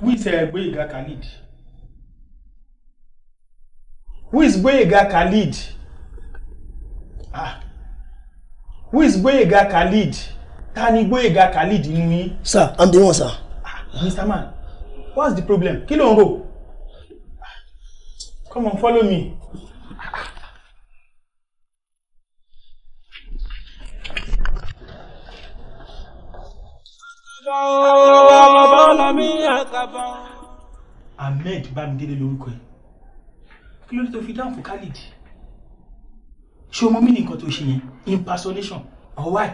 who is uh, Gboyega Khalid who is Gboyega Khalid ah who is Gboyega Khalid ta ni Gboyega Khalid nínú yín. sir i'm the one sir. ah mr man what's the problem kí ló ń ah. come on follow me. ahmed bámidélé lórúkọ ẹ kí ló dé tó fi dáhùn fún khalid ṣé o mọ mí ní nǹkan tó ṣe yẹn impersonation or why.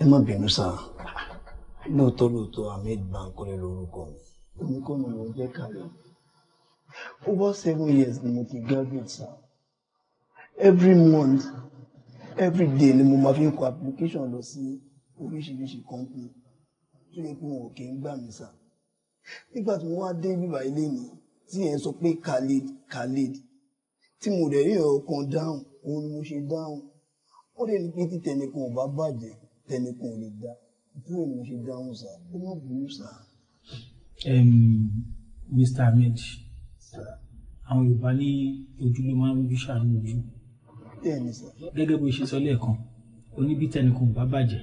ẹ má bínú sá lóòótọ́ lóòótọ́ ahmed bankole lórúkọ mi èmi kọ́ mi ò jẹ́ kálẹ̀ over seven years ni mo ti graduate sá every month every day ni mo máa fi ń kọ application lọ sí oríṣiríṣi company tó yẹ pé wọn kì í gbà mí sà nígbà tí mo wá dé bíbá ilé ni tí yẹn sọ pé Khalid Khalid tí mo rẹ̀ rí ọkàn dáhùn òun ni mo ṣe dáhùn wọ́n dẹ̀ ní pé tí tẹnìkan ò bá bàjẹ́ tẹnìkan ò lè dá ìdúró ni mo ṣe dáhùn sà ó má burú sà. Mr. Ahmed àwọn Yorùbá ní ojú ló máa ń rojú ṣàánú ojú gẹ́gẹ́ bó ṣe sọ lẹ́ẹ̀kan oníbítẹnìkan ò bá bàjẹ́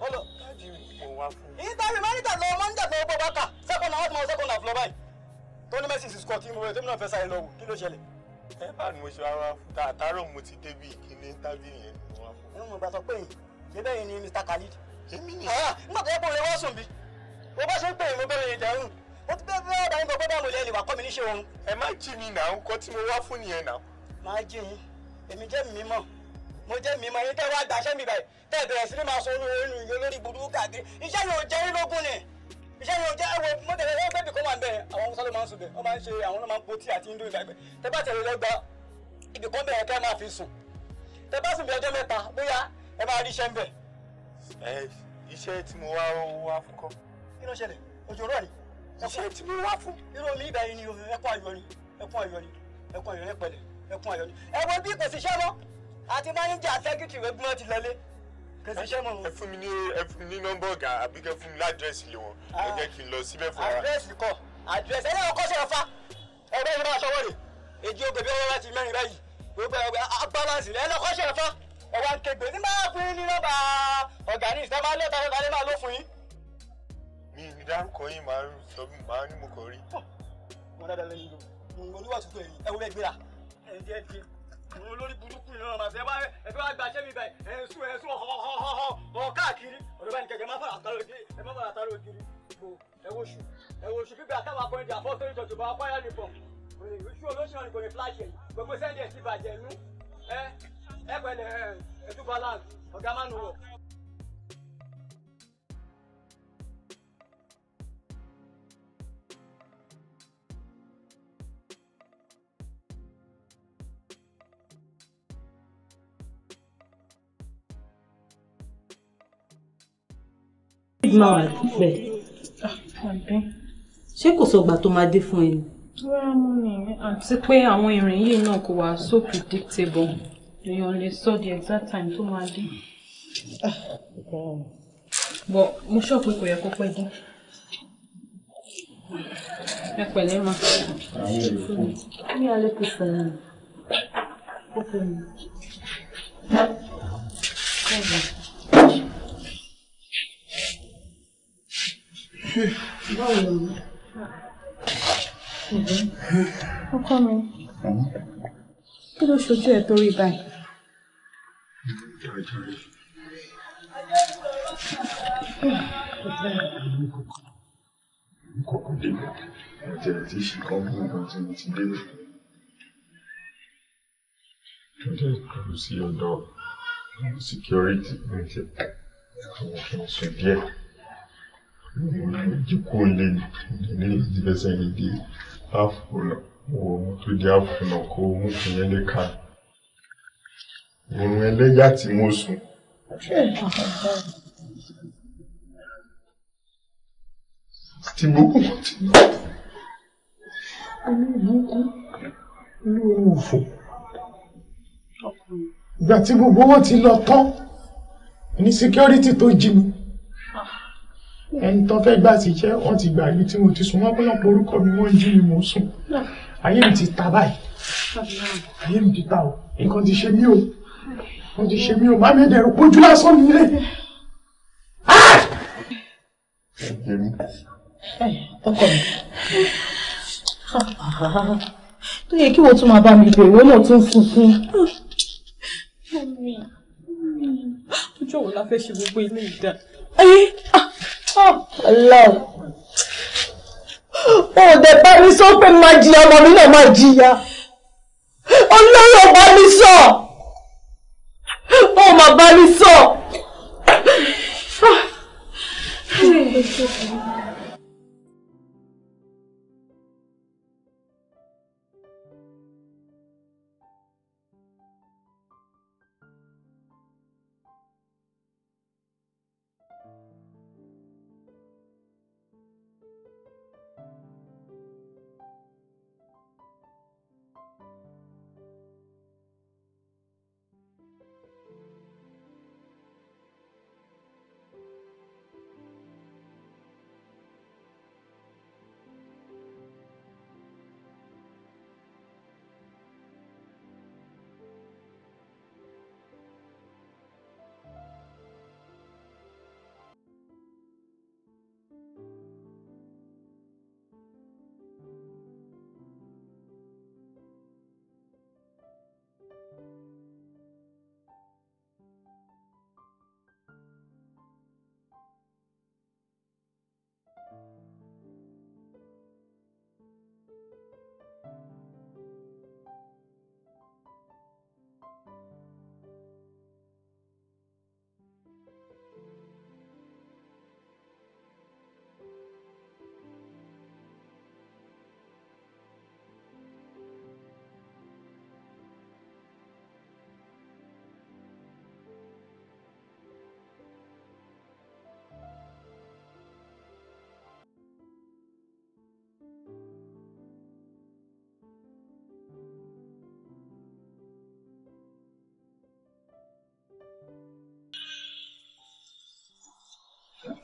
ọlọ mo wá fún un. ìtàbí mánítà lọ mánítà tó gbọ́ bákà second half mọ second half lọ báyìí tó ní mẹ́sì sísọ tí mo rẹ̀ tẹ́mi náà fẹ́ sáré lọ́wọ́ kí ló ṣẹlẹ̀. ẹ bá ní mo ṣe wá fún ta àtàrọ̀ mo ti débi ìkíní tábì yẹn mo wá fún. inú mo gbà sọ pé yìí ṣé bẹ́ẹ̀ ni Khalid. èmi ni. nígbà tó yẹ kó lè wá sùn bí mo bá é mo bẹ̀rẹ̀ ìdẹ̀rùn ó ti bẹ́ẹ̀ bẹ́ẹ̀ bá ń bọ̀ bọ́ọ̀lù lẹ́yìn ìwà kọ́ mi níṣẹ́ òun. ẹ má jí mi nà ń kọ́ tí mo wá fún nìyẹn nà. máa jí yín èmi jẹ́ mímọ́ mo bẹ́ẹ̀ bẹ̀rẹ̀ sí ni máa sọ orí orí ìyó lórí burúkú káàkiri iṣẹ́ yóò jẹ́ rí lógún ni iṣẹ́ yóò jẹ́ ẹwọ mọ́tẹ̀lẹ́ lọ́wọ́ bẹ́ẹ̀ bí kò máa ń bẹ̀rẹ̀ àwọn ọmọ sọ́lọ́ máa ń sùn bẹ̀ wọ́n máa ń ṣe àwọn ọmọ po tí àti ndó ìgbàgbẹ́ tẹ bá tẹ̀lé lọ́gbà ibì kan bẹ̀rẹ̀ kẹ́ máa fi sùn tẹ bá sùn bí ọjọ́ mẹ́ta bóyá ẹ máa rí iṣẹ́ ń bẹ̀. ẹ iṣẹ́ tí mo wá wá fún kọ́. kí ló ṣẹlẹ̀ òjò rọ̀ ni. iṣẹ́ tí mo wá fún. irú mi ibà yìí ni ẹkún ayọ̀ ni ẹkún ayọ̀ ni ẹkún ayọ̀ ni pẹ̀lẹ́ ẹkún ayọ̀ ni. ẹ wo bí kò sí iṣẹ́ mọ́ àti máníjà sẹ́kítì rẹ̀ gbọ́n ti lọlé kẹsíṣẹ́ mọ̀ wọ́n. ẹ fún mi ní ẹ fún mi ní nọ́mbà ọ̀gá àbí kẹ fún mi ládírẹ́sì lé wọn ẹ ah. jẹ́ kí n lọ síbẹ̀ fún ara. àdírẹ́sì kọ àdírẹ́sì ẹ̀rọ ọkọ ṣe ọ̀fà ẹgbẹ́ yìí máa ṣọwọ́ rè èjì ògbèbí ọwọ́ láti mẹ́rin báyìí gbogbo ẹgbẹ́ abáwáǹsì ẹ̀rọ ọkọ ṣe ọ̀fà ẹ̀wà ń ní máa fún yín ní nọ́mbà ọ̀gá ní ìsẹ́ máa lọ́ta lọ́ta máa ló fún yín. mi ì dárúkọ yín máa ń sọ máa ń mú kọ rí. mo dáadáa olórí burúkú yìí náà màtí ẹ bá ẹ fẹ́ wá gba iṣẹ́ mi bẹ̀ ẹ̀ ń sún ẹ̀ ń sún ọ̀họ̀họ̀họ̀ káàkiri ọ̀dọ̀ bá ní kẹ̀kẹ́ má fara àtàrò kiri ẹ má fara àtàrò kiri ìbò ẹ wo ṣù ẹ wo ṣù gbígbé àtàwọn akọni jà fọ́ọ̀tò ìjọ̀jọ̀ bá wáyà nìbọn ìṣú olóṣèlú ni kò ní flash ẹ̀ gbogbo sẹ́ndì ẹ̀ ti bàjẹ́ nú ẹ ẹ pẹ̀lẹ́ ẹ̀ ẹ̀ tún balance ọ̀gá mánu wọ̀. máa wà pẹ́. ṣé kò sọgbà tó máa dé fún ẹ ni. àti pé àwọn ìrìn yìí náà kò wá so predictable èèyàn lè sọ the exact time tó máa dé. bọ̀ mo sọ pé kò yẹ kó pẹ́ dé. ẹ pẹ̀lẹ́ ma. mi àlẹ́ kò sọ̀rọ̀ ó pè mí. báwo ni ọkọ mi kí ló ṣojú ẹ torí báyìí. kókó débẹ̀ àti àti ìṣìkan fún nǹkan tí mo ti débẹ̀. tó dé kò sí ọ̀dọ̀ security ní ti àwọn kí n sùn díẹ̀ jikundi limeze nk'igi hafuno uwo mutudi hafuno ko mukunyeleka ngumwende yati musu tibuku olúbukú olúwòfò ìgbà tí gbogbo wọn ti lọ tán ní security tó jí mi ẹni tán fẹ́ gbà síṣẹ́ wọ́n ti gbàgbé tí mo ti sùn wọ́n pọ́nlọ́pọ̀ orúkọ mi wọ́n ń jí mi mò ń sùn ayé mi ti ta báyìí ayé mi ti ta o nǹkan ti ṣe mí o nǹkan ti ṣe mí o má mi dẹ̀rù pójú lásán nílé. Ah! ọkọ mi tó yẹ kí wọ́n tún máa bá mi bèrè ó mọ̀ tún funfun. ojú òun la fẹ́ ṣe gbogbo ilé ìdá. Ah! Ọlọ́run. Ó dẹ̀ bá mi sọ pé máa jìyà ọmọ mi náà máa jìyà. Ọlọ́run ò bá mi sọ. Ó máa bá mi sọ.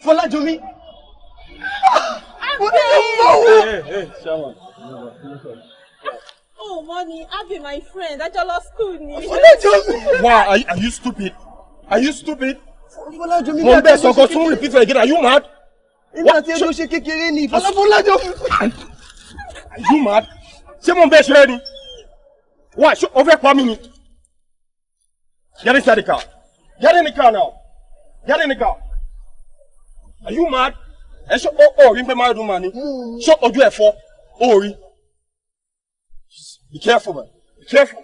Fọlájọmí. Mo ní kí n bọ̀ wò. Oh, money, Abi, my friend, I just lost school ni. Fọlájọmí. Wow, are, are you stupid? Are you stupid? Fọlájọmí. Mo ń bẹ̀ sọ̀kọ̀ tún repeat again, are you mad? Nígbà tí ẹjọ́ ṣe kékeré ni Fọlájọmí. Are you mad? Ṣé mo ń bẹ̀ ṣe ni? Why? Ṣé o fẹ́ pa Get inside the car. Get in the car now. Get in the car are you mad ẹ ṣe ọ ọ rí pé married woman ni hmm. ṣé ojú ẹ fọ ọ be careful man be careful.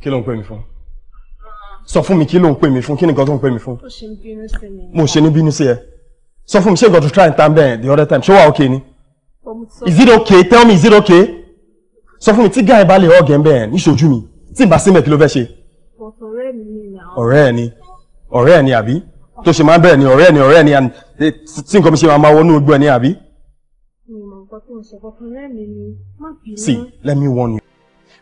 kí ló ń pè mí fún sọ fún mi kí ló ń pè mí fún kí ni nǹkan tó ń pè mí fún mo ṣe ní bínú sí ẹ sọ fún mi ṣé nǹkan try and tan bẹ́ẹ̀ the other time ṣé wà okay ni is it okay tell me is it okay sọ fún mi tí guy bá ọ̀gẹ̀ ń bẹ́ẹ̀ níṣojú mi tí n bá sílẹ̀ kí ló fẹ́ ṣe. ọ̀rẹ́ ni ọ̀rẹ́ ẹ̀ ni àbí tó ṣe máa ń bẹ̀rẹ̀ ni ọ̀rẹ́ ni ọ̀rẹ́ ẹ̀ ni tí nǹkan mi ṣe máa wọnú gbọ́ ẹ̀ ni àbí. mi see let me warn you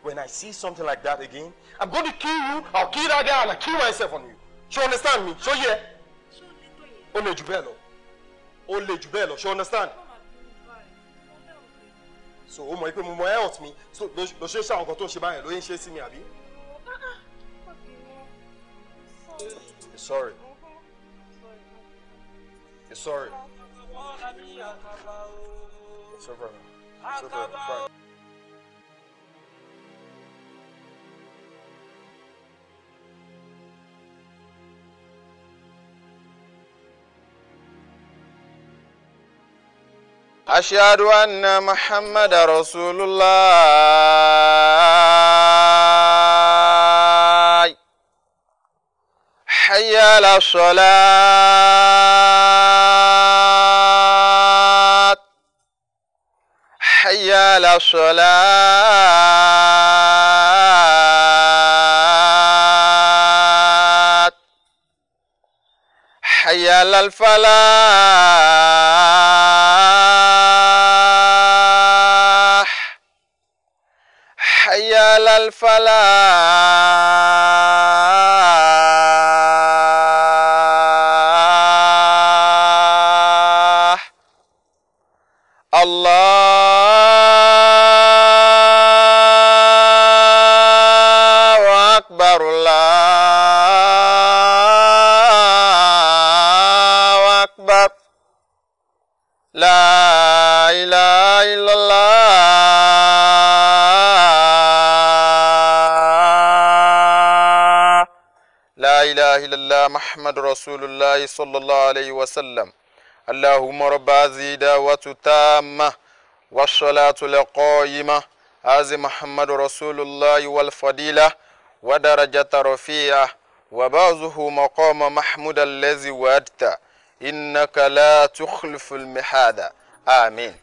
when I see something like that again, I'm going to kill you, I'll kill that guy, and I'll kill myself on you. Ṣé o understand me? Ṣó yẹ? Ó le jù bẹ́ẹ̀ lọ. Ó le jù bẹ́ẹ̀ lọ. Ṣé o understand? So o mọ̀ pé mo mọ health mi so lọ ṣe ṣe àwọn nǹkan tó ń ṣe báyẹn lóye ń ṣe Sorry. mi àbí? Sorry. Sorry. Sorry. Sorry. Sorry. أشهد أن محمد رسول الله حي على الصلاة حي على الصلاة حي على الفلاح يا للفلاح الله أكبر الله أكبر لا إله إلا الله إلا الله محمد رسول الله صلى الله عليه وسلم اللهم رب هذه دعوة تامة والصلاة القائمة هذا محمد رسول الله والفضيلة ودرجة رفيعة وبعضه مقام محمود الذي وعدت إنك لا تخلف المحادة آمين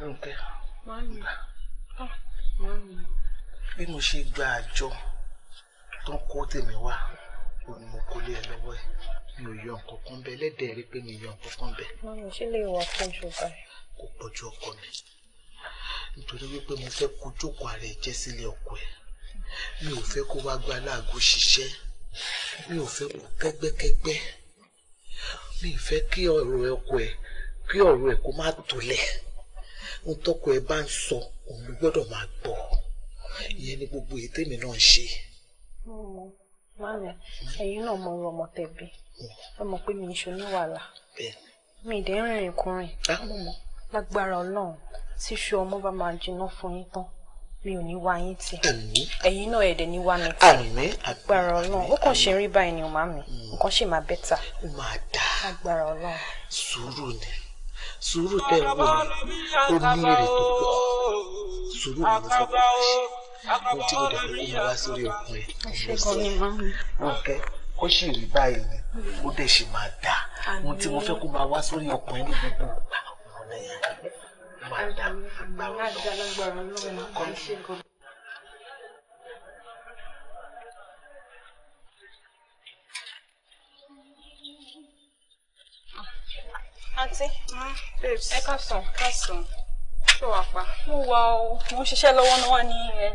Ronke. Mami. Ah, mami. Bí mo ṣe gba àjọ tó ń kó tèmi wá, òun ni mo kó lé ẹ lọ́wọ́ ẹ̀. Mi ò yọ nǹkan kan bẹ́ẹ̀ lẹ́dẹ̀ẹ́ rí pé mi yọ nǹkan kan bẹ́ẹ̀. Mami, ṣé lè wà fún ṣùgbọ́n? Kò pọ̀ ju ọkọ mi. Nítorí wípé mo fẹ́ kó jókòó ara ẹ̀ jẹ́ sílé ọkọ ẹ̀. Mi ò fẹ́ kó wá gba láago ṣiṣẹ́. Mi ò fẹ́ kó kẹ́gbẹ́kẹ́gbẹ́. Mi ò fẹ́ kí ọ̀rọ̀ ẹ̀ kó má tolẹ̀ ohun tọkọ ẹ bá ń sọ òun ló gbọ́dọ̀ máa gbọ́ ìyẹn ni gbogbo èyí tèmi náà ń ṣe. Hmm, ẹ̀yin náà mọ irú ọmọ tẹ̀bí ẹ mọ̀ pé mi ìṣó ní wàhálà mi ìdẹ́ rìnrìn kùnrin ah, lágbára ọlọ́run tíṣu ọmọ bá máa jiná fún yín tán mi ò ní wá yín tì ẹ̀yin náà ẹ̀dẹ̀ ní wá mi tì agbára ọlọ́run ó kàn ṣe rí báyìí ni ò máa mi nǹkan hmm. ṣì máa bẹ́tà agbára ọlọ́run. sùúrù ni sùúrù tẹ̀ ń wò mí ó ní èrè tó pọ̀ sùúrù ni mo fẹ́ kó o ṣe ohun tí mo dẹ̀ lè mú wá sórí ni ó dẹ̀ ṣe máa dà ohun tí mo fẹ́ kó máa wá sórí ọkùnrin ní gbogbo ìgbà ọ̀hún ẹ̀yà máa dà gbàgbọ́ lọ́wọ́ àǹtí ah, babes ẹ káàsán káàsán ṣó wà pa. mo wà o mo ń ṣiṣẹ́ lọ́wọ́ náà wá ní ẹ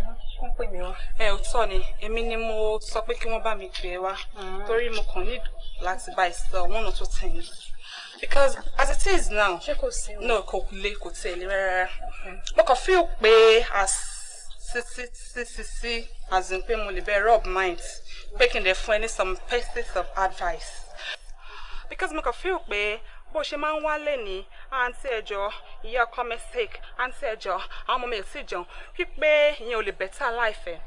ń pè mí wá. ẹ ò tọ́ ni èmi ni mo sọ pé kí wọ́n bá mi pè é wá ah. torí mo kàn ní láti bá ìsọ one or two things because as it is now ṣé kò sí o. no kò le kò tiẹ̀ le rárá mo kàn feel pé as sí sí sí sí as in pé mo lè bẹ rub mind pé kí n lè fún ẹ ní some pieces of advice because mo kàn feel pé bó ṣe máa ń wálé ní àǹtí ẹ̀jọ̀ ìyá ọkọ mi sick àǹtí ẹ̀jọ̀ àwọn ọmọ mi ò tí jẹun wípé ìyẹn ò lè bẹ̀tà láìfẹ́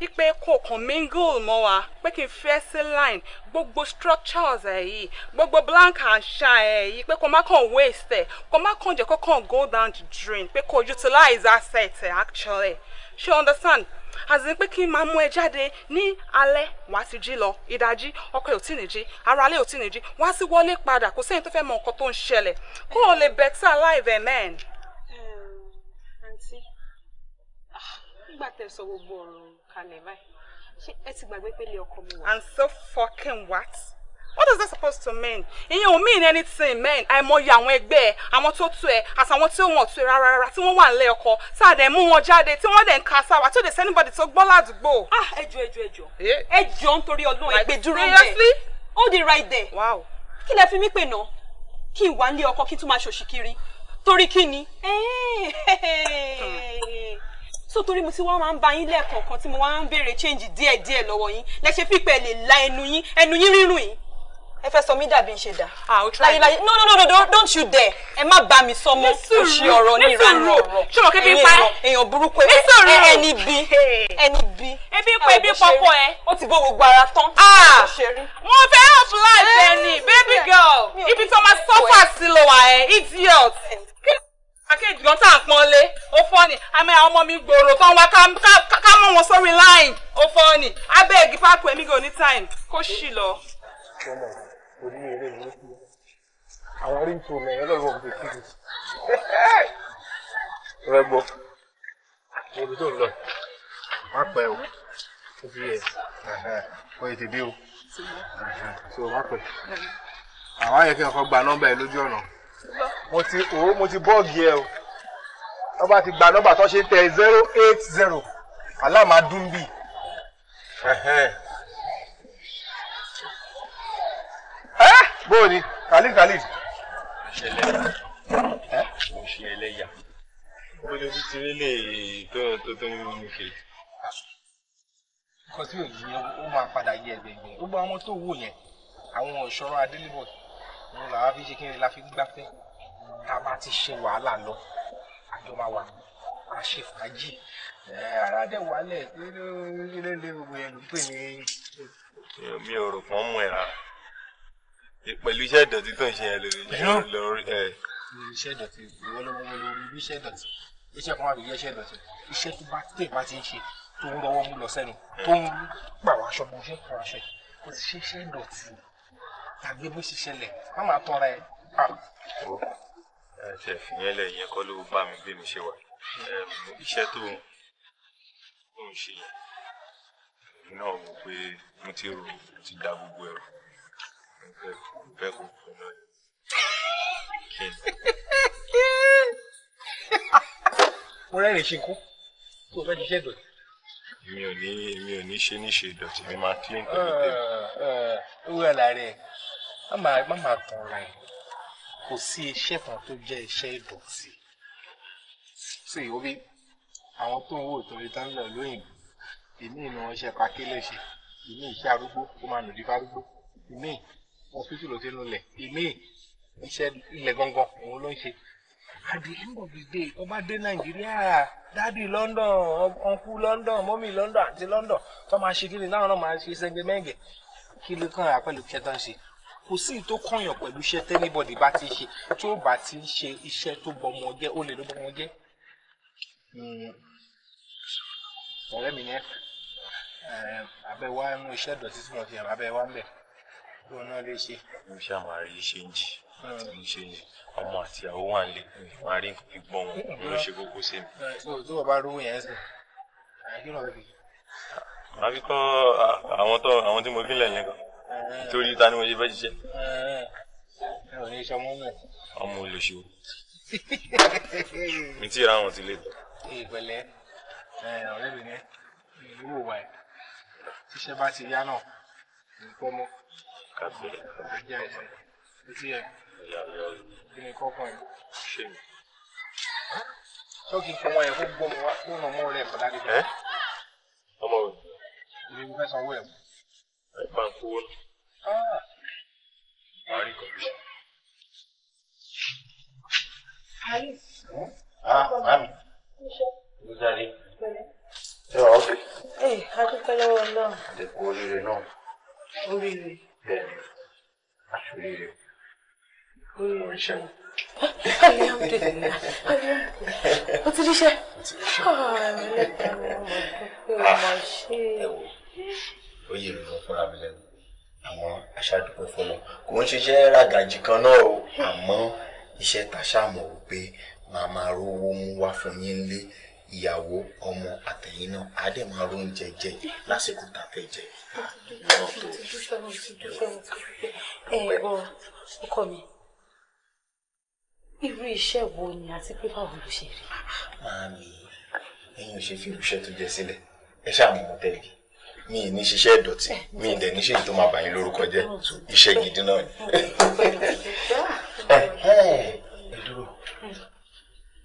wípé kò kàn mingle mọ́ wa pé kí n fẹ́ sí line gbogbo structures ẹ̀ yìí gbogbo blank and shine ẹ̀ yìí pé kò má kàn waste ẹ̀ kò má kàn jẹ́ kó kàn go down the drain pé kò utilize asset ẹ̀ actually ṣé you understand àti pé kí n máa mú ẹ jáde ní alẹ́ wàá ti jí lọ ìdájí ọkọ ò tí ì ní jí ara alẹ́ ò tí ì ní jí wàá sì wọlé padà kò sẹ́yìn tó fẹ́ mọ nǹkan tó ń ṣẹlẹ̀ kó o lè better life ẹ̀ mẹ́ẹ̀n. àǹtí ah, nígbà tẹ́ sọ gbogbo ọ̀rọ̀ kalẹ̀ báyìí ṣé ẹ ti gbàgbé pé ilé ọkọ mi wà. and so fucking what? what is that supposed to mean ìyẹn ò mean anything man. àìmọye àwọn ẹgbẹ́ ẹ àwọn tó tó ẹ àti àwọn tí wọ́n tó ẹ rárá rárá tí wọ́n wà nílé ọkọ tá a dẹ̀ mú wọn jáde tí wọ́n dẹ̀ ń ka sáwà tí ò dẹ̀ sẹ́ anybody tó gbọ́ ládùúgbò. ah ẹjọ ẹjọ ẹjọ ẹjọ nítorí Ọlọ́run ẹgbẹ́ dúró ń bẹ̀ all the right there wow. kí lẹ fi mí pè náà kí n wà nílé ọkọ kí n tún máa ṣòṣì kiri torí kí ni so torí mo ti wá máa ń ba yín lẹ́ẹ̀kọ̀ọ̀kan tí mo wá ń béèrè change díẹ̀díẹ̀ lọ́wọ́ yín lẹ ṣe fípẹ́ lè la ẹnu yín ẹnu yín rírùn yín ẹ fẹ́ sọ mí dàbí ń ṣe dà. Ah, láyé láyé no no no no don't you dare ẹ má bá mi sọ mọ́ òṣì ọ̀rọ̀ ní ìranù ọ̀rọ̀ ṣọ̀rọ̀ kébí ń pa ẹ́ èèyàn burúkú ẹ ẹni bí ẹni bí. ebi ń pa ebi pọpọ ẹ. ó ti bó gbogbo ara tán. Ah! mo fẹ́ help life ẹni baby girl ibi tó máa sọ́fà sí lọ wà ẹ́ idiot akéèjì gan tá à ń pọn lé ó fọ́ ni àmì àwọn ọmọ mi gbòòrò tán wá ká mọ̀ wọn sórí line ó fọ́ ni abeg pápẹ́ mi go ní time kó ṣì lọ torí eré burúkú àwọn rí tó mẹ ẹlọrọ òde kiri rẹ gbọ́ ibi tó lọ má pẹ́ o ó fi yẹ ó yẹ ti o so má pẹ́ àwọn ayẹkẹ kan gba nọ́mbà yẹn lójú ọ̀nà mo ti o mo ti bọ́ọ̀gì ẹ o wọ́n bá ti gba nọ́mbà tó ṣe tẹ zero eight zero aláàmà dùn bó ni khalid khalid. mo ṣe ẹlẹ́yà mo lè fi ti rélé tó tó tó ń mú kiri. nǹkan tí òyìn yẹn ó máa padà yé ẹgbẹ̀gbẹ̀ gbogbo àwọn tó wò yẹn àwọn ọ̀ṣọ́rọ̀ adélébọ̀ mo làwọn fi ṣe kí ni la fi gbáfẹ́ tá a bá ti ṣe wàhálà lọ àjọ máa wà a ṣe fàájì ara dẹ̀ wálẹ̀ nílé gbogbo yẹn ló pè ní. mi ò rò pọ́n mú ẹ̀ rárá pẹ̀lú iṣẹ́ ìdọ̀tí tó ń ṣe yẹn lórí lórí ẹ̀. iṣẹ́ ìdọ̀tí ìwọ́lọ́wọ́ lórí iṣẹ́ ìdọ̀tí iṣẹ́ kan wà lórí iṣẹ́ ìdọ̀tí iṣẹ́ tó bá tẹ̀ bá ti ń ṣe tó ń rọwọ́ mú lọ sẹ́nu tó ń pàwọ́ aṣọ bó ṣe ń pàwọ́ aṣọ ó ti ṣe iṣẹ́ ìdọ̀tí tàbí bó ṣe ṣẹlẹ̀ má máa tọ́ ra ẹ̀ pa. ṣe ìyẹn lẹ ìyẹn kọ́ ló bá mi bí mi ṣe wà iṣẹ́ tó ń ṣe yẹn náà wò pé mo ti rò ti da gbogbo ẹ̀rọ Pega mo rẹ́rìn ṣe kú tó fẹ́ ṣiṣẹ́ dọ̀tí. mi ò ní mi ò ní ṣe níṣe dọ̀tí mi máa clean pẹ̀lú ah, tèmi. Ah, wúrà làárẹ̀ má máa tàn ra ẹ̀ kò sí iṣẹ́ kan tó jẹ́ iṣẹ́ ìdọ̀tí. sí orí àwọn tó ń wò tó lè tán lọ lóyìnbó ìmí ni wọ́n ṣe ṣe ìmí iṣẹ́ arúgbó ó máa nù di fárúgbó ìmí ọ̀fíìsì ló ti ń lulẹ̀ èmi iṣẹ́ ilẹ̀ gangan òun ló ń ṣe at the end of the day tó bá dé nàìjíríà dádì london ọkù london mọ́mì london àti london tó máa ṣe kíni láwọn náà máa ṣe sẹ́gbẹ̀mẹ́gbẹ̀ kí ló kàn án pẹ̀lú iṣẹ́ tó ń ṣe kò sí tó kọ̀yàn pẹ̀lú iṣẹ́ tẹ́nibọ̀dì bá ti ṣe tí ó bá ti ń ṣe iṣẹ́ tó bọmọ jẹ́ ó lè ló bọmọ jẹ́ hmm. ọ̀rẹ́ mi yẹn abẹ́ wa iṣẹ́ ìdọ̀tí tí mo fi hàn abẹ́ ń bẹ̀ wọn náà lè ṣe. mo ṣáà máa rí iṣẹ́ ń jì àti mo ṣe yẹn ọmọ àti ìyàwó wà ń lé máa rí nǹkan gbọ́n wọn ló ṣe kókó sí mi. tí wọ́n bá rówó yẹn sìn kí lọ́ọ́ fi. àfi kọ́ àwọn tó àwọn tí mo fi lẹ̀ nìkan torí ta ni mo ṣe fẹ́ ṣiṣẹ́. ọmọ olóṣèlú mi ti ra àwọn ti lè. ìpẹ̀lẹ́ ọ̀rẹ́bìnrin ìlú wò wá ẹ bá ti yá náà nǹkan mọ́. Katze. Ja, Visier. Ja, ja. Gini kọ́kọ́ yẹn. Ṣé mi? Lọ́ọ̀kì fún wọn yẹn kó gbọ́ mi wá kó nà mọ́ rẹ̀ bọ̀dá dídá. Ẹ́ ọmọ rẹ̀. Ibi mo fẹ́ sanwó ẹ̀. Ẹ Ah, mami. Mo jáde. Ṣé wàá ọ̀gbìn? Ẹ adúpẹ́ lọ́wọ́ náà. Àdẹ̀kùn oríire náà. Oríire bẹ́ẹ̀ni àṣírí rẹ ó ń ṣẹlẹ̀. Alhamdulillah, alhamdulillah. O ti ríṣẹ́. O ti ríṣẹ́. Ẹ wo, ó yẹ mi fún fúnra mi lẹ́nu. Àmọ́ aṣáàdúpẹ́ fọlọ. Kò ń ṣiṣẹ́ ràgàjì kan náà o. Àmọ́ iṣẹ́ ta ṣáà mọ̀ wípé màá máa rówó mú wá fún yín lé ìyàwó ọmọ àtẹ̀yìn náà á oúnjẹ jẹ lásìkò tá a fẹ́ jẹ. ẹ̀rọ ọkọ mi irú iṣẹ́ wo ni àti pé báwo ló ṣe rí. Màámi, ẹ̀yin ò ṣe fi irúṣẹ́ tó jẹ sílẹ̀, ẹ ṣáà mú un tẹ̀lé. Mi ì ní ṣiṣẹ́ ìdọ̀tí, mi ì dẹ̀ ní ṣèyí tó máa bà yín lórúkọ jẹ́, iṣẹ́ gidi náà ni. Ẹ dúró,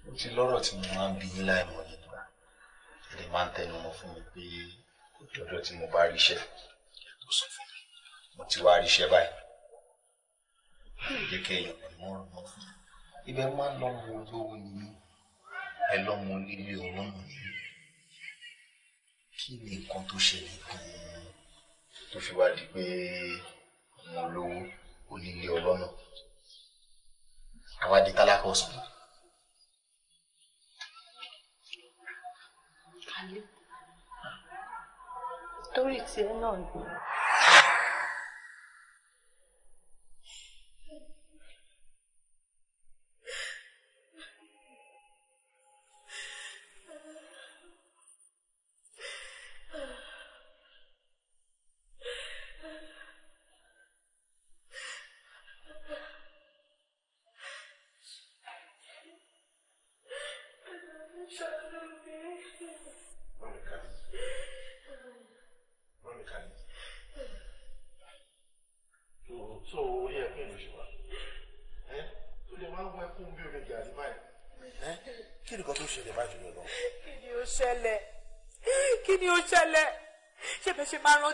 mo ti lọ́rọ̀ tí mo máa ń bí yín láì dẹ̀ máa ń tẹnu fún mi pé òde ọjọ́ tí mo bá ríṣẹ́ tó sọ fún mi mo ti wá ríṣẹ́ báyìí jẹ́ kí èèyàn pẹ̀lú ọ̀rọ̀ fún mi ibẹ̀ máa ń lọ́mọ olówó ni mí ẹ lọ́mọ onílé ọlọ́run ni mí kí ni nǹkan tó ṣẹlẹ̀ gan tó fi wá di pé ọmọ olówó onílé ọlọ́run àwa di tálákà ọ̀sán torí tiẹ̀ náà ni.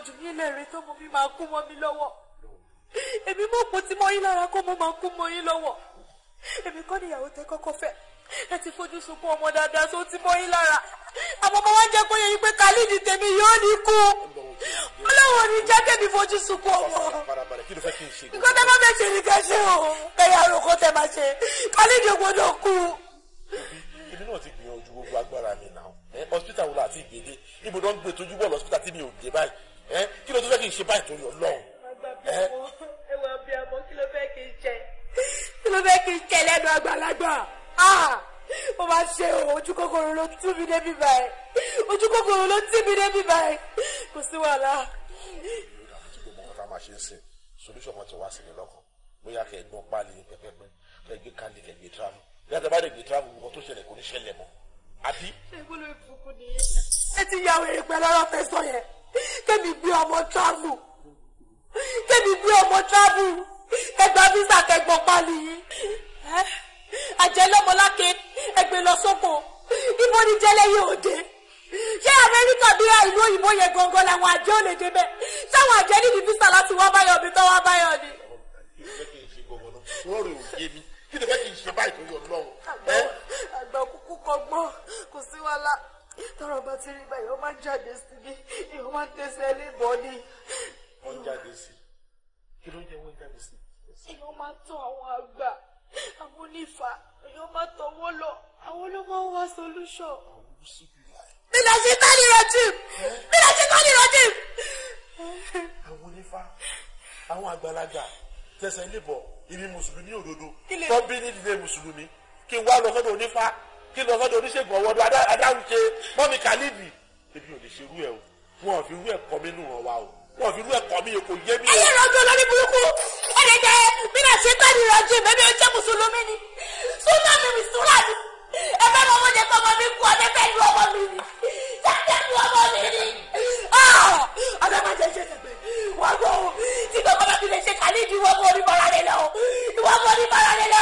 jù mí lẹ́rìn tó mú mi máa kú mọ́ mi lọ́wọ́ èmi mọ̀ pé tí mo yín lára kó mo máa kú mọ́ yín lọ́wọ́ èmi kọ́ níyàwó tẹ kọ́kọ́ fẹ́ ẹ ti fojú sunkún ọmọ dáadáa tó ti mọ́ yín lára àwọn ọmọ wa jẹ́ kó yẹ pé khalid tèmi yóò ní kú ọlọ́wọ́ ni jákèmí fojú sunkún ọmọ nǹkan tẹ́ bá fẹ́ ṣe ni kẹ́ ṣe o kẹ́yà àròkọ tẹ́ máa ṣe khalid gbọ́dọ̀ kú. èmi náà ti gbìyànjú gbogbo agbára mi náà hospital wo la ti gbèdé ibùdó ń gbé tójú bọ́ọ̀lù tí mi ò dé báyìí ẹ eh, kí ló tún fẹ́ kí n ṣe báyìí torí ọlọ́run. Eh? ẹ wọ bí ọmọ kí ló fẹ́ kí n jẹ kí ló fẹ́ kí n jẹ lẹ́nu àgbàlagbà ah! mo máa ṣe ojú kòkòrò ló tún mi débi báyìí ojú kòkòrò ló tún mi débi báyìí kò sí wàhálà. solution kan ti wá sí mi lọ́kàn bóyá kẹ́ ẹ gbọ́n páálí ní pẹ́pẹ́pẹ́ kẹ́ ẹ gbé káàdì kẹ́ ẹ gbé travel bí a ti bá lè gbé travel nǹkan tó ṣẹlẹ̀ kò ní ṣẹlẹ̀ mọ́ àbí. ṣé ìgbóná ìfúnfún nìyẹn ẹ ti yà wèrè pẹ̀lú ọ̀rọ̀ tẹ̀sán yẹn kẹ́mi gbé ọmọ travel kẹ́mi gbé ọmọ travel ẹgbẹ́ visa kẹgbọ́n pálí yìí àjẹ́ lọ́mọláke ẹgbẹ́ lọ sóko ibo ni jẹ́lẹ̀ yìí ò dé ṣé amẹ́ríkà bí ìlú òyìnbó yẹn gangan làwọn àjẹ́ ò lè débẹ̀ sáwọn àjẹ́ nídìí visa láti wá báyọ̀ mi tọ́ wá báyọ̀ ni. wọ́n rò ó yé mi kí ni fẹ́ kí n ṣe báyìí tó yọ lọ́wọ́. àgbà òkùnkùn kọgbọ́n kò sí wàhálà tọrọ bá ti rí báyìí ó máa ń jáde sí ní ó máa ń tẹsẹ̀ lébọ̀ ni. wọ́n ń jáde sí kí ló ń jẹ́ jáde sí. èèyàn máa tán àwọn àgbà àwọn onífà èèyàn máa tán owó lọ àwọn ló máa ń wá solution. bílẹ̀ sí tọ́ni rọ̀jì bílẹ̀ sí tọ́ni rọ̀jì. àwọn onífà àwọn àgbàlagbà tẹsẹ̀ lébọ̀ ibi mùsùlùmí òdodo tọ́bí nídìí mùsùlùmí kí n wá lọ sọ́dọ̀ onífà kí lọ sọ́dọ̀ oníṣègùn ọwọ́dọ̀ adáhùnṣe mọ́mí kálíbì ebi ò lè ṣerú ẹ o wọn ò fi rú ẹ̀kọ́ mi nù wọn wa o wọn ò fi rú ẹ̀kọ́ mi kò yé mi o. rọjò lórí burúkú ẹni bí náà ṣe tẹ́lẹ̀ rọjò bẹ́ẹ̀ ó mùsùlùmí ni súnmọ́ mi mi súnra mi ẹ fẹ́ mọ ọmọdé kọ́ ọmọ mi kú ọdẹ fẹ́ lu ọmọ mi ni dáadáa lu ọmọ mi ni. Ah! ọ̀dọ́ jẹ ṣe ṣègbè wọ́n gbọ́ o tí gbogbo bá fi lè ṣe kàlí ìdí wọ́n mọ̀ orí bọ́ra rẹ̀ lọ ìwọ́n mọ̀ orí bọ́ra rẹ̀ lọ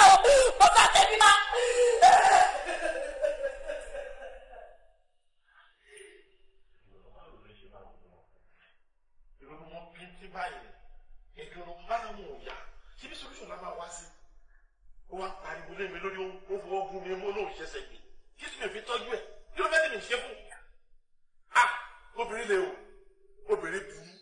mo fà tẹ̀mí ma. bí báyìí ìdùnnú bára mu ò yá síbi solution náà máa wá sí ó wá pariwo lé lórí ó mi mọ́ náà ṣẹ̀ṣẹ̀ gbé kí mi fi tọ́jú ẹ̀ kí ló fẹ́ lè ṣe fún. Ah! obìnrin lè o obìnrin burú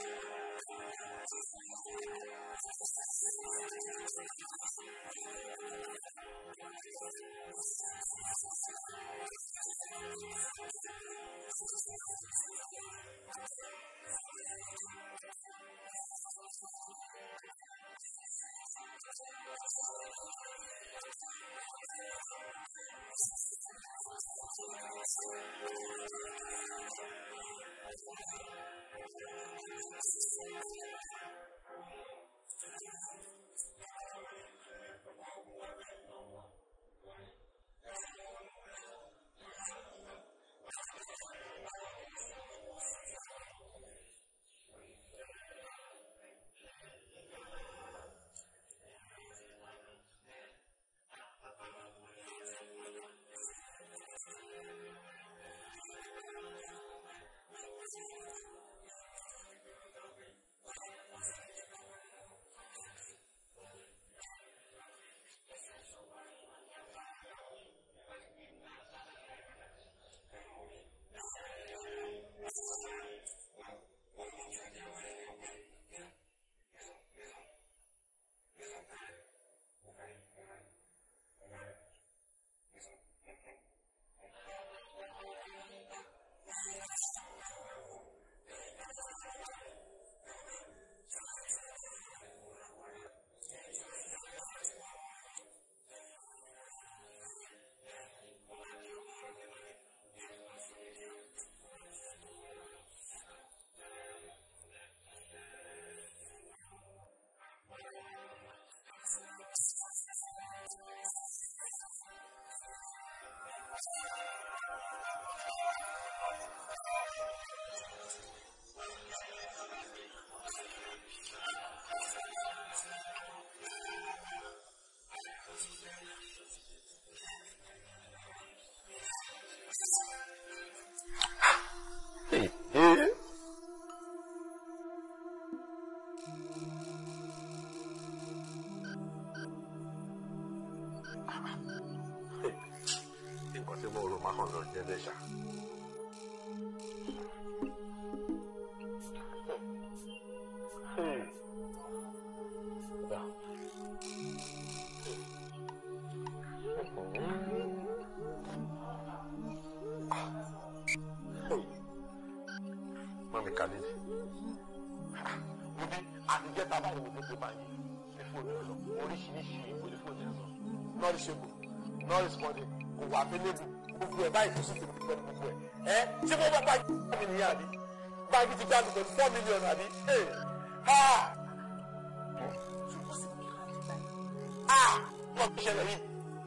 I'm going to go to the hospital. ló máa yẹ ní fóònù lọ oríṣiríṣi ìbò ní fóònù lọ. nọ́ọ̀rìṣẹ́bù nọ́ọ̀rìṣẹ́bù kò wà abẹ́lẹ́bù gbogbo ẹ̀ báyìí kò sí tèmi pẹ̀lú gbogbo ẹ̀ ẹ́ ṣé kó bá báyìí mi nìyẹn àbí báyìí ti jáde pẹ̀lú four million àbí ee ha ah wọ́n ti ṣẹlẹ̀ yìí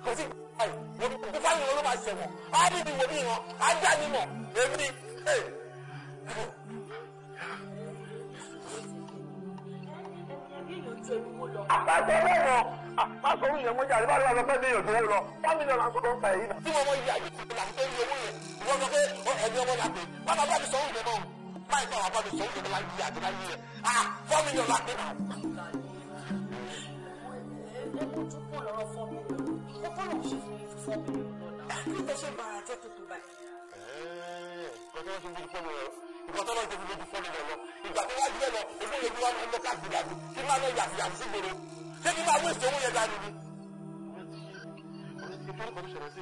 kò sí báyìí wọ́n ti fáwọn olóma ṣẹ̀wọ̀n á ní ìwòmí wọn á dá nínú èmi ọ̀tá yìí náà. tí wọn mọ iye àgbẹ̀kọ̀ làwọn tó ń yọ owó yẹn wọn sọ pé ẹ̀mí ọmọ la wọn bá bá mi yẹn mọ́ báyìí bá mi sọ yẹn mọ́ láyé àti láyé yẹn ah four million la pè náà. ti fi lójú fọ́ọ̀mù rẹ̀ lọ ìgbàtọ́lá jùlọ lọ bí wọ́n ń lọ káàkiri àti kí n máa lọ yàtìyàtì sí gbòòrò ṣé kí n máa wéṣẹ̀ owó yẹn dání ni kọ́ ló ṣẹlẹ̀ sí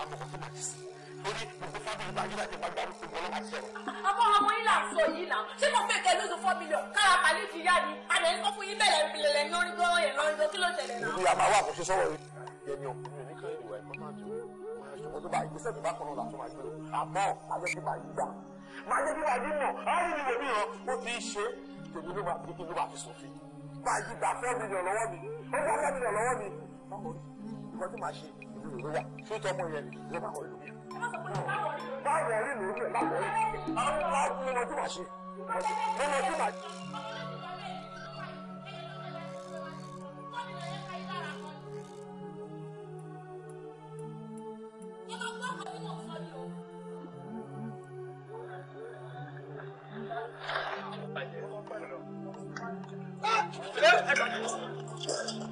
àmọ̀kọ́ tó máa ti sìn lórí gbogbo fábílì bá yíyá ti máa gbárù fún wọn láti ẹ̀wọ̀n. àmọ́ ọmọ yín là ń sọ yìí náà ṣé mo fẹ́ kẹ́ lóṣù four million kára pàlẹ́ ti yá ni àná ẹni kọ́ yín bẹ̀rẹ̀ ìpìlẹ̀lẹ̀ ní orí kí ló ṣẹlẹ̀ náà. ìlú àmàwà kò ṣe sọ́wọ́ ó ti ṣe tèmi ló máa fi ló máa fi sòfin báyìí gbà mi lọ lọ́wọ́ mi ó gbà fẹ́ẹ́ mi lọ lọ́wọ́ mi ìwọ́n ti máa ṣe ìlú ìlú wa ṣé tọmọ yẹn ló bá wọlé lórí. báwo rí mi rẹ láwọ rí àwọn aláàbò mi ṣe mo mọ tí ṣe. Thank you.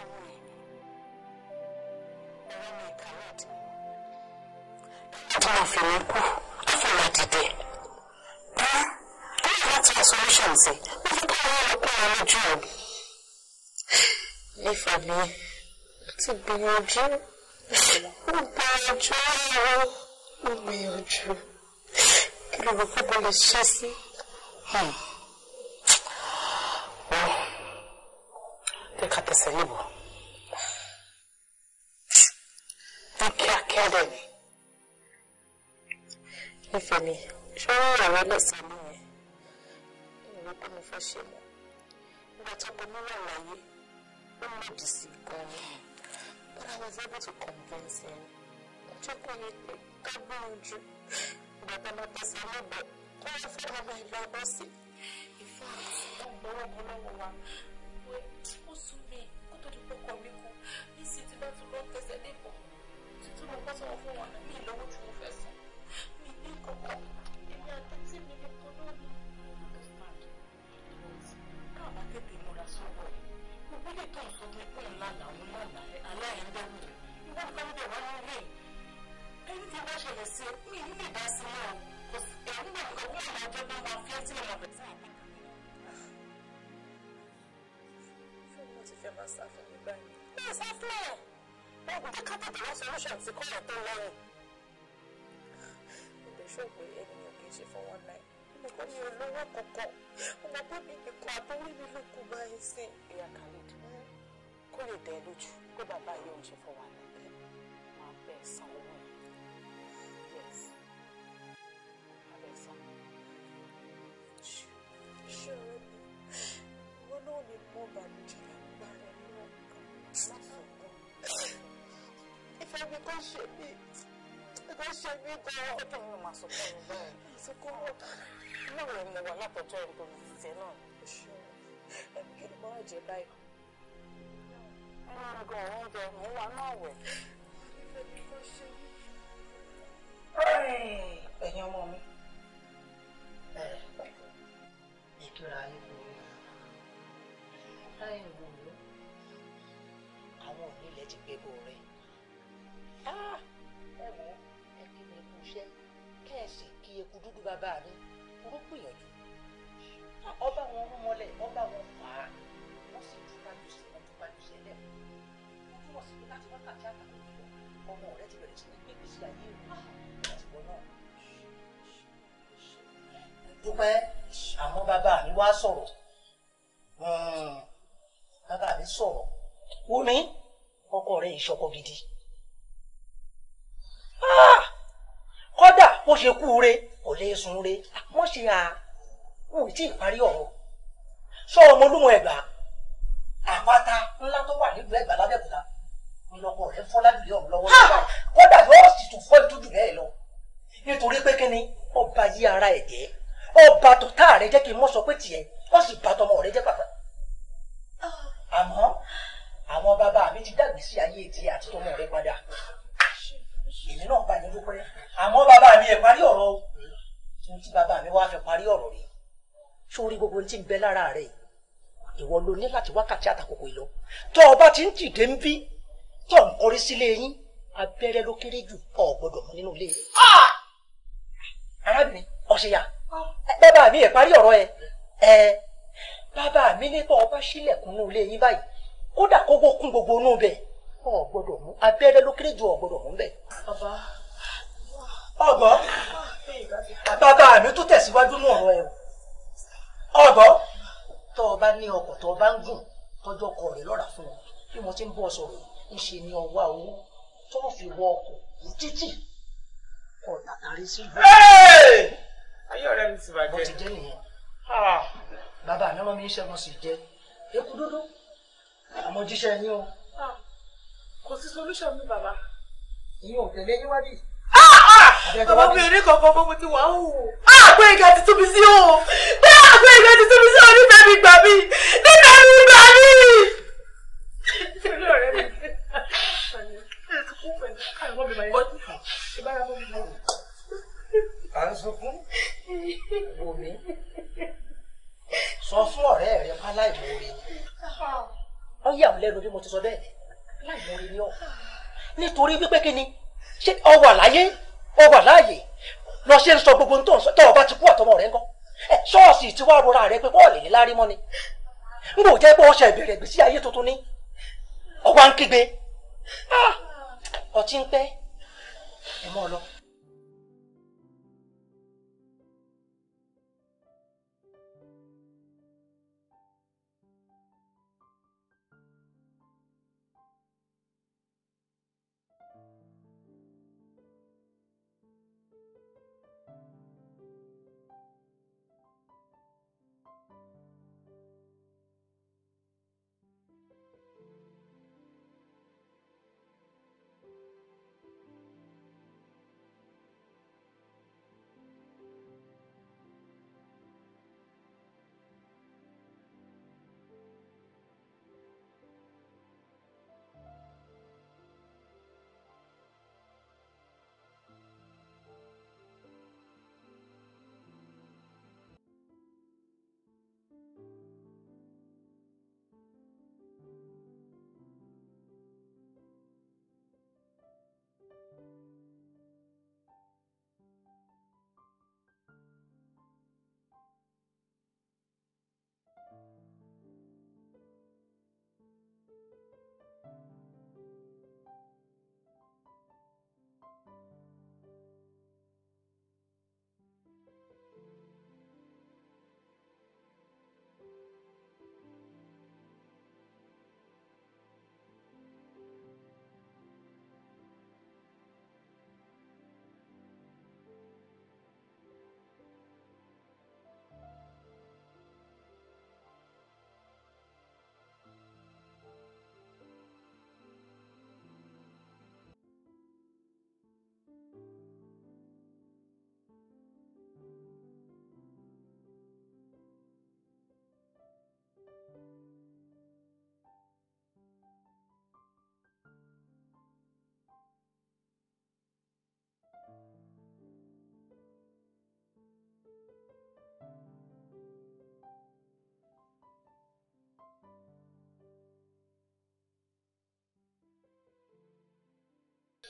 ẹ̀rọ mi ẹ̀rọ mi cannot. tí mo fi mi kú afọlá dìde bí wọ́n ti solution sí mo fi bá wọn lọ kúrò lójú ọ̀. nífà mi ti gbìyànjú mo gbìyànjú ọ̀rọ̀ mo gbìyànjú kí ló rò pé mo lè ṣe Hmm. fẹsẹ̀ níbọ̀ ní kíákíá dẹ̀ ni nífẹ̀ẹ́ mi ṣọ́rọ́ ìràwọ̀ lọ́sàn-án mi yẹn ìwé pé mo fẹ́ ṣe mọ́ nígbà tó gbọ́ mi wà láyé ó lòdì sí gan-an but I was able to convince him ọjọ́ kan yìí pé ká gbìyànjú bàbá máa tẹ̀sẹ̀ níbọ̀ ó yẹ fẹ́ ọmọ ìlú abọ́sí ìfẹ́ àti ọgbọ́n ọmọ ọlọ́wọ́ wa wẹ́ẹ́ súnlé kó tó di pọkọ mi kú níṣẹ tí bá tún lọ tẹsẹ̀ lébọ tuntun mo pàṣẹ wọn fún wọn ní ìlọ́wọ́ tí mo fẹ́ sùn mi ní kọkọ èmi àtẹtí mi ní kọ lónìí. káà bá tètè múra sọ́wọ́ ẹ̀ gbogbo lè tó nsọ pé ńlá làwọn lọ́nà aláìní ìwọ nǹkan bẹ̀ wá nílé ẹni tí bá ṣẹlẹ̀ sí mi nílé dá náà kò sí ẹ̀rú náà kò wọ́n máa jẹ́ bí wọ́n fi ẹ́ jẹ́ ká tètè wá solution tí kò lè tó lọ́rùn. ìbẹ̀ ṣòwò ènìyàn kì í ṣe fún wọn náà mo kọ́ mi ò lówó kankan ọmọ tó ní ikọ̀ àtọ́wé mi ló kú báyìí sí. ìyá Khalid kó lè dẹ lójú pé bàbá yìí ò ń ṣe fún wa náà máa bẹ́ẹ̀ sanwó ṣe mí nǹkan ṣe mí gan ọdún mi máa sọ fún mi báyìí àti kó mọ inú rẹ mo wà látọjọ́ ìgbò ìṣẹ náà ó ẹbí kí ló máa jẹ báyìí. ẹnu gan oúnjẹ mo wà náà wẹ̀. ẹ̀yin ọmọ mi ìtura ìwò láì wò ó àwọn onílẹ̀ ti gbé bò rẹ̀. Ah, ẹ wò ó ẹ kí mi kú iṣẹ́ kẹ́ ẹ sì kí eku dúdú bàbá mi kúrú gbìyànjú ọba wọn rú mọ́lẹ̀ ọba wọn fà á wọ́n sì túpájú sí wọn túpájú sí ẹlẹ́wọ̀n wọ́n túmọ̀ sí pé láti wákàtí àtàkùn ìlú ọmọ rẹ ti bẹ̀rẹ̀ sí ní gbégbé sí ayé rẹ láti wọ náà. dúpẹ́ àwọn bàbá mi wá sọ̀rọ̀ hmm, bàbá mi sọ̀rọ̀ wọ́n mi ọkọ rẹ̀ ìṣọkọ gidi. Ah! kódà bó ṣe kú re kò lè sun re wọ́n ṣe à wù tí ìparí ọ̀rọ̀ sọ ọmọ olúmọ ẹ̀gbá àpáta ńlá tó wà nílùú ẹ̀gbá lábẹ́kúta ìlọ́kọ rẹ̀ fọ́ lábìlẹ̀ ọ̀hún lọ́wọ́ kódà yóò sì tún fọ́ ìtújú bẹ́ẹ̀ lọ nítorí pé kíni ọba yí ara ẹ̀ jẹ́ ọba tọ̀tá rẹ̀ jẹ́ kí n mọ́ sọ pé tiẹ̀ ó sì bá tọmọ rẹ̀ jẹ́ pàtàkì ah. àmọ́ àwọn bàbá mi ti dàgbé sí ayé tiẹ̀ àti tọmọ rẹ̀ padà èmi náà bá yín dúpẹ́ àmọ́ bàbá mi ẹ̀ parí ọ̀rọ̀ o ohun tí bàbá mi wá fi parí ọ̀rọ̀ rẹ̀ sórí gbogbo ohun tí ń bẹ lára rẹ̀ ìwọ ló ní láti wákàtí àtàkùkù ìlọ tó o bá ti ń dìde ń bí tó ń kọrí sílé yín abẹ́rẹ́ ló kéré jù ọ̀ gbọ́dọ̀ mọ́ nínú ilé rẹ̀. Ah! arábìnrin ọ̀ṣẹ̀yà ah! bàbá mi ẹ̀ parí ọ̀rọ̀ ẹ ẹ bàbá mi ní tó o bá sílẹ̀kùn nínú ilé yín báyìí kódà kó gbókun gbogbo inú bẹ́ẹ̀ ọ̀ gbọ́dọ̀ mú abẹ́rẹ́ ló kéré ju ọ̀ gbọ́dọ̀ mú bẹ́ẹ̀. ọgbọ́n bàbá mi tún tẹ̀síwájú ní ọ̀rọ̀ ẹ o ọgbọ́n tó o bá ní ọkọ̀ tó o bá ń gùn tọ́jú ọkọ̀ rẹ̀ lọ́ra fún ọ bí mo ti ń bọ̀ sọ̀rọ̀ ń ṣe ní ọwọ́ owó tó o fi wọ ọkọ̀ títì kọ̀ tàtàrí sí ìlú. ayé ọ̀rẹ́ mi ti bàjẹ́. mo ti jẹ́ nìyẹn bàbá mi rán mi iṣẹ́ mo sì jẹ́ eku dúdú àmọ́ jíṣẹ́ yín o kò sí solution mi bàbá. ìyẹn ò tẹ̀lé yín wádìí. Ah, ah! bàbá mi ò ní kankan mọ́ mo ti wà ó. Ah, àgbẹ̀ ìgbà ti tóbi sí o bí àgbẹ̀ ìgbà ti tóbi sí o nígbà mi gbà mí nígbà mi gbà mí. olóòrè mi ẹ ti kú pẹ̀lú àìmọ́ mi báyìí. ìbára mọ́ mi báyìí à ń sunkún wò mí sọ fún ọ̀rẹ́ rẹ pálá ìmòore ó yà ọ́ bí mo ti sọ bẹ́ẹ̀ láìmọ̀rẹ́ ni ọ nítorí wípé kí ni ṣé ọ wà láyé ọ wà láàyè lọ ṣe ń sọ gbogbo tó ń sọ tọ́ ọ bá ti kú ọ̀tọ́mọ rẹ ńkọ́ ẹ ṣọ́ọ̀ṣì ti wá rora rẹ pé bọ́ọ̀lì ní lárí mọ́ ni n kò jẹ́ pé ó ṣe ìbẹ̀rẹ̀ gbèsè ayé tuntun ní ọwọ́ à ń kígbe ah! ọtí ń pẹ́ ẹ mọ́ ọ lọ.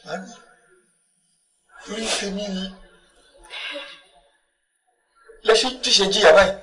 Màálù. Torí tèmi ni. Lẹ ṣe tíṣe jìyà báyìí.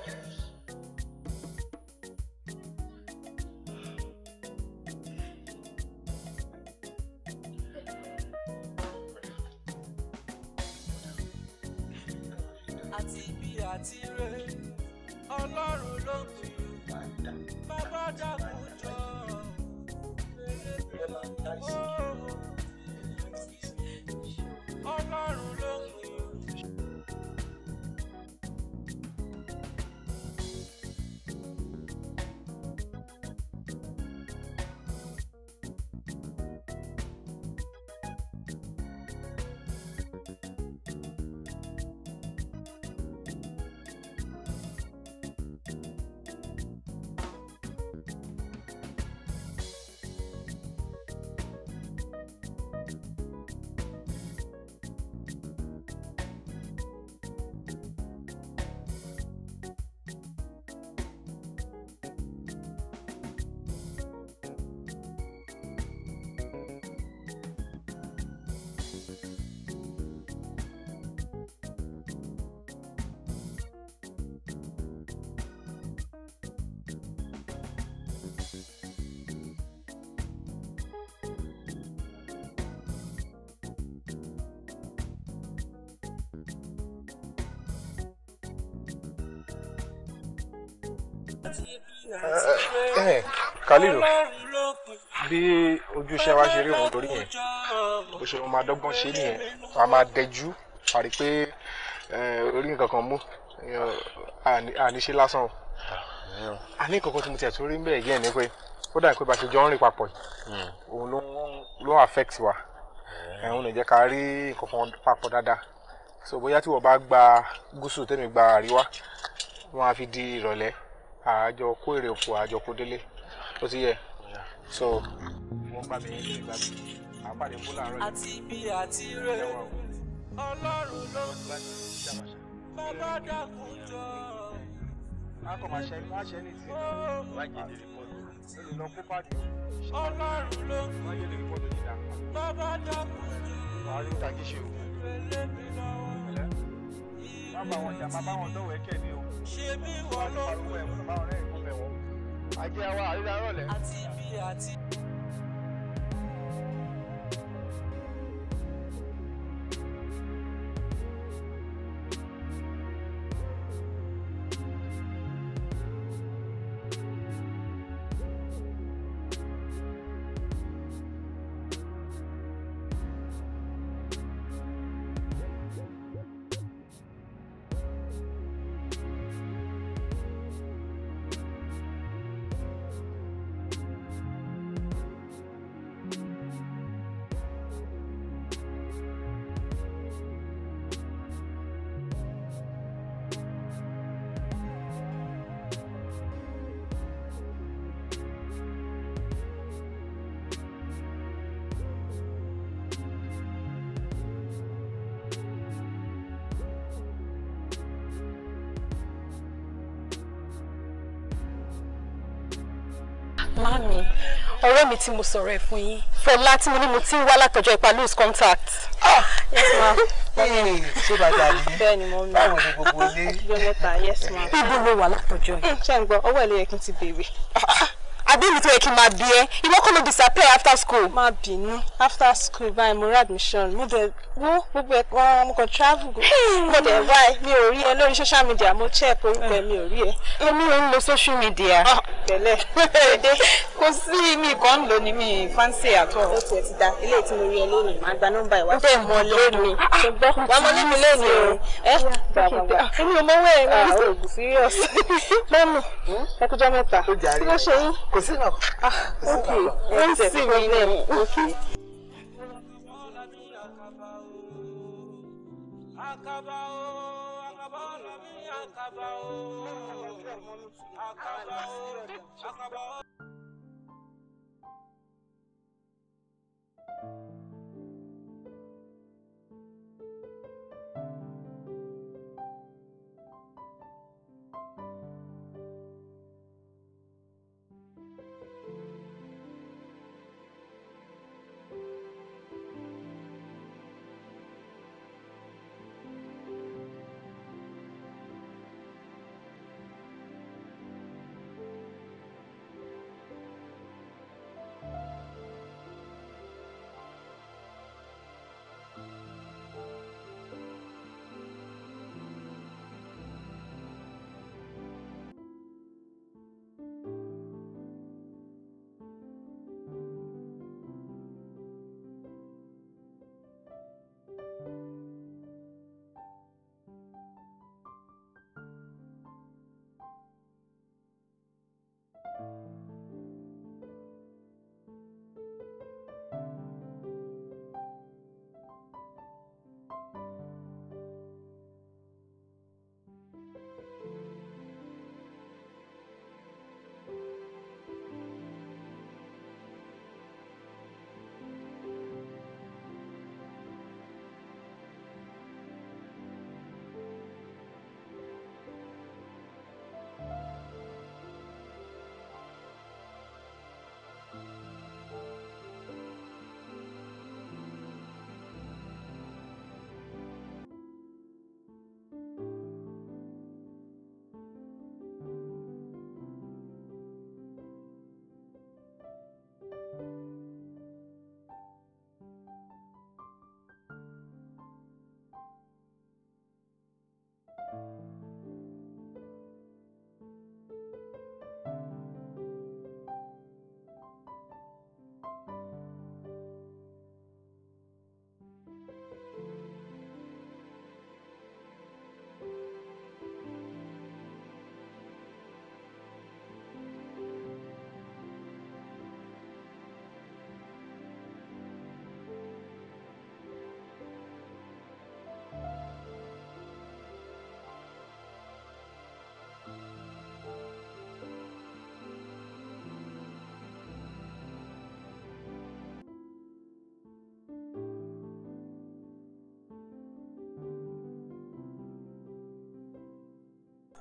ẹ eh, Kalilu bí ojúṣe wa ṣe rí òun torí yẹn bó ṣe máa dọ́gbọ́n ṣe nìyẹn a máa dẹjú parí pé eh, orí nǹkan kan mú àníṣe lásán o àní kankan tí mo tiẹ̀ tó rí ń yẹn ni pé ó dà pé bá ṣe jọ ń rìn papọ̀ òun ló ló affect wa eh, òun lè jẹ́ ká rí nǹkan papọ̀ dáadáa so bóyá tí wọ́n bá gba gúúsù tẹ́mi gba àríwá wọ́n á fi di ìrọ̀lẹ́ àjọ kó èrè òfò àjọ kó délé ó ti yẹ so wọn bá mi ilé ìgbà mi àpàdé kó láàárọ̀ yìí. àti ibi àti ire ọlọ́run ló ń bàbá dàkún jọ. a kò máa ṣe ní máa ṣe ní ìsìn wá jèdè rìpọ́tù lórí lọ kó pàdé. ọlọ́run ló ń wá jèdè rìpọ́tù nígbà. bàbá dàkún jọ. wàá rí ìtàgé ṣe o. má bá wọn jà má bá wọn dọ̀wọ́ ẹ̀kẹ́ ni o ṣe bí wọ́n ló fún mi. ajé wa àríra rọ̀lẹ́. àti ibi àti. Mami, ọ̀rẹ́ mi tí mo sọ̀rọ̀ ẹ̀ fún yín. Fọlá tí mo ní mo ti ń wá látọjọ́ ipa lose contact. Ah! Yes ma. Ṣé bàtà ni? Bẹ́ẹ̀ni mo mi. Báwo ni gbogbo ilé? Ọjọ́ mẹ́ta, yes ma. Ibo ló wà látọjọ́ yìí? Ṣé ń gbọ́, ọwọ́ ẹ̀ ló yẹ kí n ti béèrè. Ah, ah, àbí mi tó yẹ kí n máa bí ẹ ìwọ kọ́ ló disappear after school. má bínú after school báyìí mo rí admission mo dẹ̀ wó gbogbo ẹ̀ gan mo kàn travel go hmm. mo dẹ̀ báyìí mi ò rí ẹ lórí social media mo check orúkọ ẹ mi ò rí ẹ. èmi ò ń lo social media. Ah, pẹ̀lẹ́ kò sí mi kàn ń lò ní mi fancy àtọ̀. ó tiẹ̀ ti da ilé tí mo rí ẹ lónìí màá gba nọ́mbà ìwà. Ah, bẹ́ẹ̀ mọ lónìí wàá mọ ní mi lónìí o. ẹ ah, èmi ò mọ wẹ́ẹ̀ ní. àwọn òògùn serious. mọ́mù hmm? ẹ kújọ́ mẹ́ta kí ló ṣe yín. kò sí náà. Ah,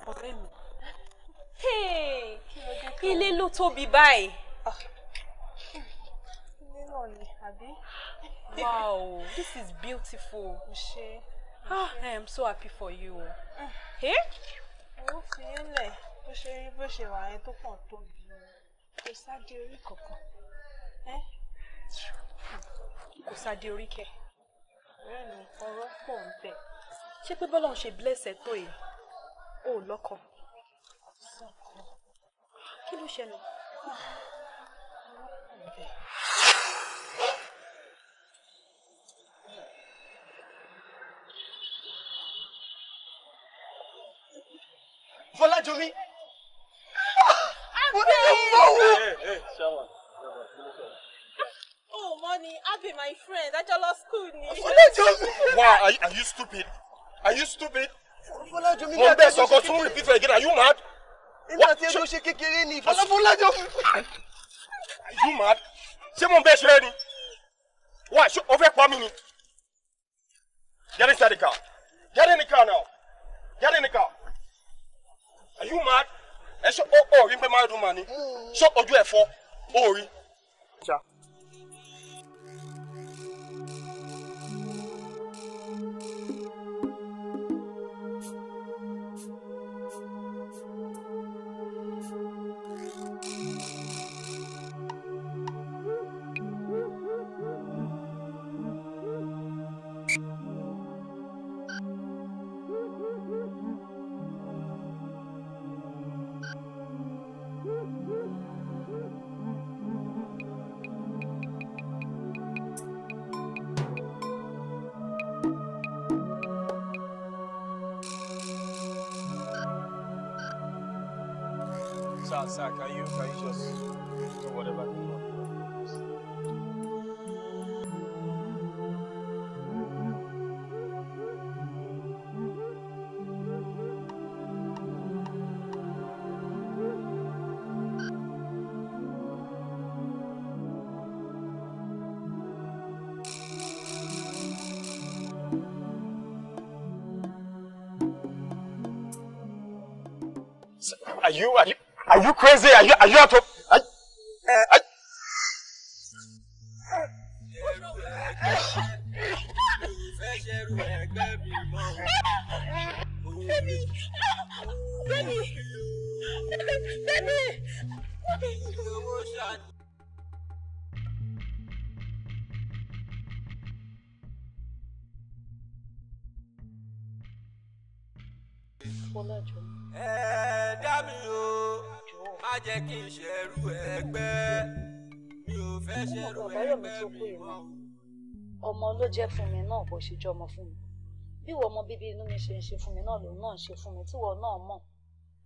ọ̀rẹ́ mi. ilé ló tóbi báyìí. Ah. ilé náà ni àbí. wow this is beautiful. ṣe. ah i am so happy for you. Mm. Eh? owó fi yín lẹ̀ bó ṣe rí bó ṣe wà yẹn tó pọ̀ tóbi kò sáde orí kankan eh? kò sáde orí kẹ. bẹ́ẹ̀ ni ọ̀rọ̀ pọ̀ ń bẹ̀. ṣé pé bọ́lá ń ṣe bless tó yìí o lọ́kọ kí ló ṣẹlẹ̀. Fọlájọmí. Wọ́n Oh, money, Abi, my friend, I just lost school. Fọlájọmí. Wow, are you, are you stupid? Are you stupid? mo bẹ sọkọ tún repeat for again are you mad. èmi àti ṣe kékeré ni ìfọlọ́fọlájọ. are you mad. ṣé mo bẹ ṣe é ni wá ṣé o fẹ́ pa mí ni. get inside the car get in the car now get in the car are you mad. ẹ ṣe ó rí pé máa dùn màá ni hmm. ṣé ojú ẹ fọ́ ó rí. ayé ọ̀tọ̀. ṣe jẹ́ ọmọ fún mi bí ìwọ ọmọ bíbí inú mi ṣe ń ṣe fún mi náà lòun náà ń ṣe fún mi tíwọ náà mọ̀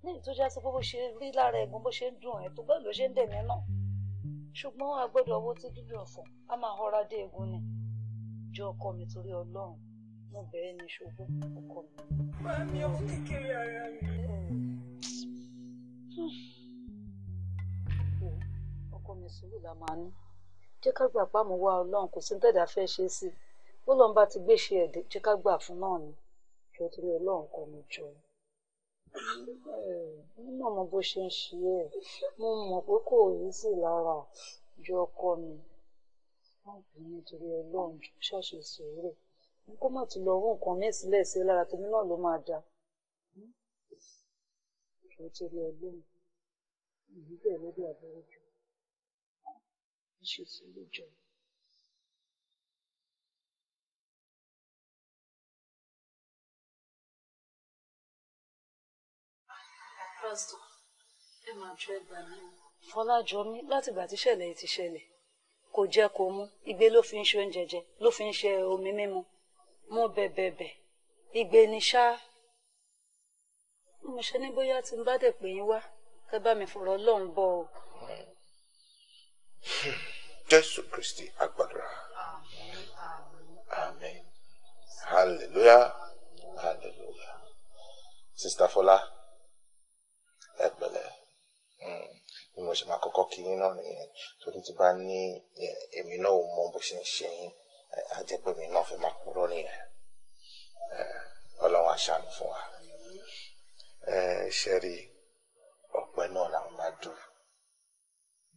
níbi tó já sí bó ṣe rí lára ẹ̀gbọ́n bó ṣe ń dùn ẹ̀ tó bẹ́ẹ̀ ló ṣe ń dẹ̀mí náà ṣùgbọ́n a gbọ́dọ̀ owó tí dídùn ọ̀fọ̀ a máa họra dé egun ni jọ ọkọ mi torí ọlọ́run mo bẹ̀ẹ́ ní ṣogbọ́n ọkọ mi. máa mi ọmọ kékeré ara mi. ọkọ mi sùúrù la máa ní jẹ́ ká gbà pàmò wá ọlọ́run kò sí ní tẹ̀dá fẹ́ ṣe sí i bó lọ́n bá ti gbé ṣe ẹ̀dẹ̀ jẹ́ ká gbà fún náà ni kí o torí ọlọ́run kọ́ mi jọ. mo náà mọ bó ṣe ń ṣe ẹ́ mo mọ̀ pé kò yí sí lára jọ ọkọ mi wọ́n bí nítorí ọlọ́run ṣàṣe sòwúrò n kó má ti lọ rú nǹkan mí sílẹ̀ sí lára tèmi náà ló máa da kí o torí ọlọ́run ìyí lórí àbúrò jù ṣe sí lójọ́ yìí. pásítọ̀ ẹ máa jọ ẹgbàá náà. Fọlájọmí látìgbà tíṣẹ̀lẹ̀ ti ṣẹlẹ̀ kò jẹ́ kó mú igbe ló fi ń ṣe oúnjẹ jẹ ló fi ń ṣe omi mímu mo bẹ̀bẹ̀bẹ̀ igbe ni ṣá mo ṣe ní bóyá tí n bá dẹ̀ pè yín wá kẹ́ bá mi fọ̀rọ̀ Ọlọ́run bọ̀ o. Hmm. Jésù Kristi agbára amen hallelujah hallelujah Sister Fola ẹ pẹ̀lẹ́ bí mo ṣe máa kọ́kọ́ kí yín náà nìyẹn torí ti bá ní èmi náà ò mọ bó ṣe ń ṣe yín á jẹ́ pé mi náà fẹ́ máa kúrò nìyẹn ọlọ́run àṣàánú fún wa ṣe rí ọpẹ́ náà làwọn máa dùn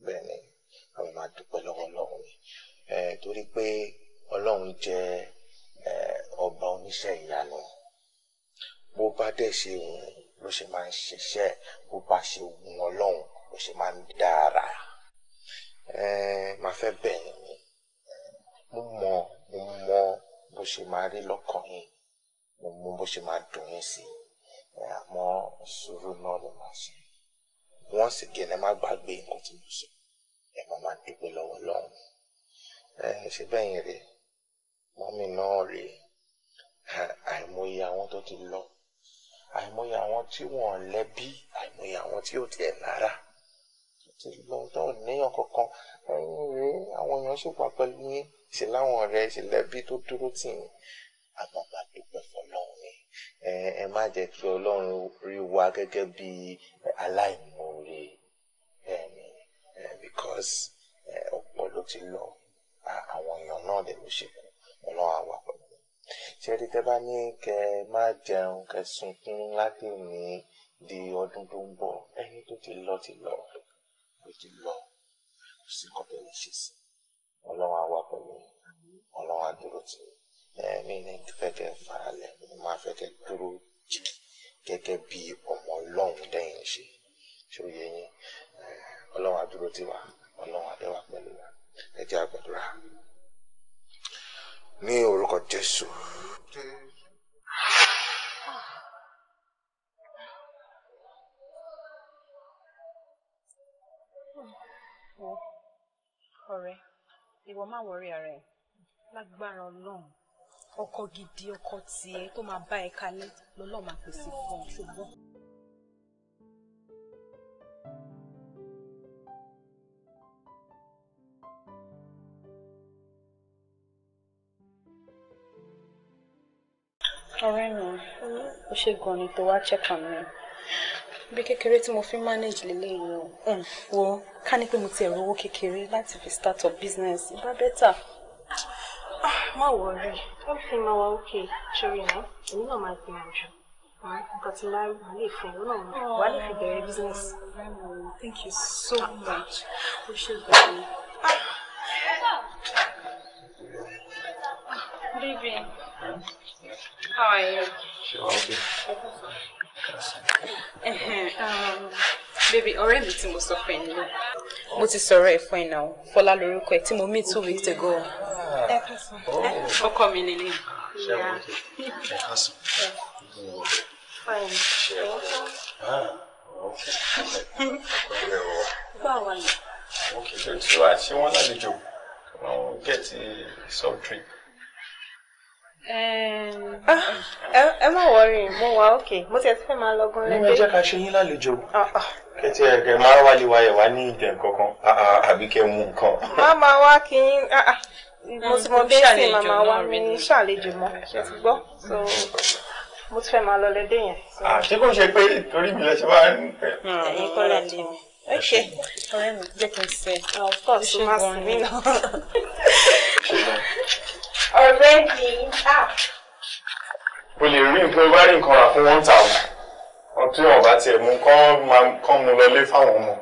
bẹ́ẹ̀ ni àwọn máa dúpẹ́ lọ́wọ́ ọlọ́run ni torí pé ọlọ́run jẹ́ ọba oníṣẹ́ ìyanu bó bá dẹ̀ ṣe òun ló ṣe máa ń ṣiṣẹ́ bó bá ṣe wù wọn lọ́hùn ló ṣe máa ń dára máa fẹ́ bẹ̀yìn mi mo mọ mo mọ bó ṣe máa rí lọ́kàn yín mo mọ bó ṣe máa dùn yín sí àmọ́ sùúrù náà ló máa ṣe wọ́n sì gẹ̀ má gbàgbé nǹkan tí mo sọ ẹ̀ má máa dúpẹ́ lọ́wọ́ lọ́hùn ṣe bẹ́yìn rèé mọ́mì náà rèé àìmọye àwọn tó ti lọ́ọ́ àìmọye àwọn tí wọn lẹ́bi àìmọye àwọn tí ò tiẹ̀ lára nítorí lóhun tó níyàn kankan ẹ̀yin rèé àwọn èèyàn ṣùpá pẹ̀lú yín sì láwọn ọ̀rẹ́ sì lẹ́bi tó dúró tì yín àmọ́ bá dúpẹ́ fọ́lọ́run ni ẹ má jẹ́ kí Ọlọ́run rí wa gẹ́gẹ́ bí aláìmoore ẹni because ọ̀pọ̀ ló ti lọ àwọn èèyàn náà lè ló ṣe kú Ọlọ́run àwa pẹ̀lú ṣẹ́rí tẹ́ bá ní kẹ́ má jẹun kẹ́ sunkún láti ní di ọdún tó ń bọ̀ ẹni tó ti lọ ti lọ tó ti lọ kò sí nǹkan tó lè ṣe sí ọlọ́run àwa pẹ̀lú ọlọ́run àdúró tì mí ní fẹ́ kẹ́ faralẹ̀ mo máa fẹ́ kẹ́ dúró jì gẹ́gẹ́ bí ọmọ ọlọ́run dẹ́yìn ṣe ṣòye yín ọlọ́run àdúró tì wá ọlọ́run àdẹ́wà pẹ̀lú wa ẹ jẹ́ ní orúkọ jésù. ọ̀rẹ́ ìwọ má wọrí ara ẹ̀ lágbára ọlọ́run ọkọ gidi ọkọ tiẹ̀ tó máa bá ẹ kalẹ̀ lọ́lọ́run máa pèsè fún ọ ṣùgbọ́n. ọ̀rẹ́ mi ó ṣe gan ni tó wá check on me bí kékeré tí mo fi manage lélẹ̀ yìí o wo ká ní pé mo ti ẹ̀rọ owó kékeré láti fi start up business bá bẹ́tà. Ah, má wọrí everything máa wá okay sórí náà èmi náà máa gbìyànjú nǹkan tí máa wà lè fún ìwọ náà wà lè fi bẹ̀rẹ̀ business. thank you so ah. much ó ṣe gan ni. Ah, How are um, baby ọ̀rẹ́ mi tí mo sọ fún ẹ nílé mo ti sọ̀rọ̀ ẹ fún ẹ náà Fọlá lórúkọ ẹ tí mo meet two weeks ago ah. oh. ọkọ mi nílé. báwa ni. àwọn kìí tó ti wá ah, wọ́n lálejò àwọn gẹ̀ẹ́tì drink. Ah, ẹ má wọrin mo wà òkè mo tiẹ̀ ti fẹ́ máa lọ́gán lẹ́gbẹ́. nínú ẹjẹ́ ká ṣe yín lálejò. Ah, ah. kẹtí ẹ̀kẹ́ máa wá lè wáyẹ̀ wá ní ìdẹ̀ kankan àbí kẹ́ mú nǹkan. má máa wá kí n mm, mo ti mọ bí ṣe màmá wá mi ní ṣàlejò mọ́ ṣe ti gbọ́ mo ti fẹ́ máa lọ lẹ́dẹ̀ yẹn. àṣé kò ṣe pé torí mi lẹ ṣe wá ń pẹ. Mm, ẹ̀yin kọ́ lè lè mi. ok ọ̀rẹ́ mi jẹ́ kí n sẹ́. of course o máa sùn mí náà. ọ̀rẹ́ mi o lè rí nǹkan bá rí nǹkan rà fún wọn tà wọn tí wọn bá tiẹ̀ mú kán mú lọlé fáwọn ọmọ.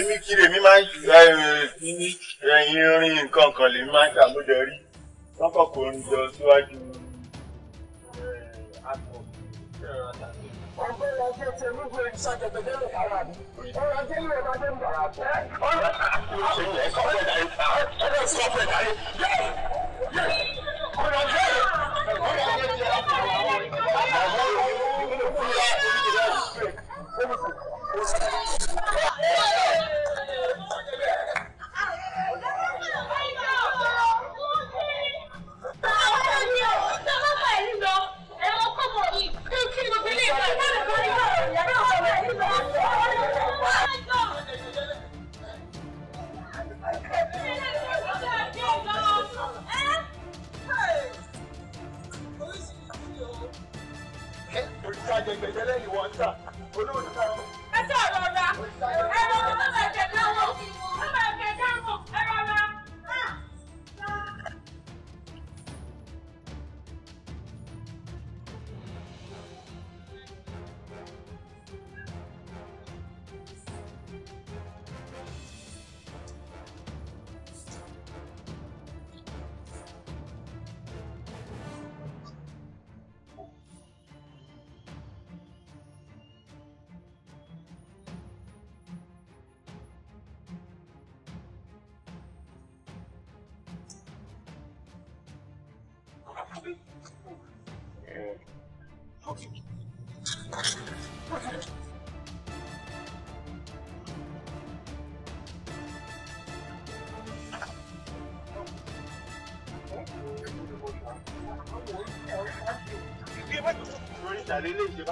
èmi kiri èmi máa ẹyin rin nǹkan kan lèmi máa ń ṣàmúdẹ rí wọn kàn kó jọ síwájú akọ. ọgbẹ́ lọ sí ẹsẹ̀ gbé ìṣàjọ̀gbẹ́dẹ́ lè kára mi.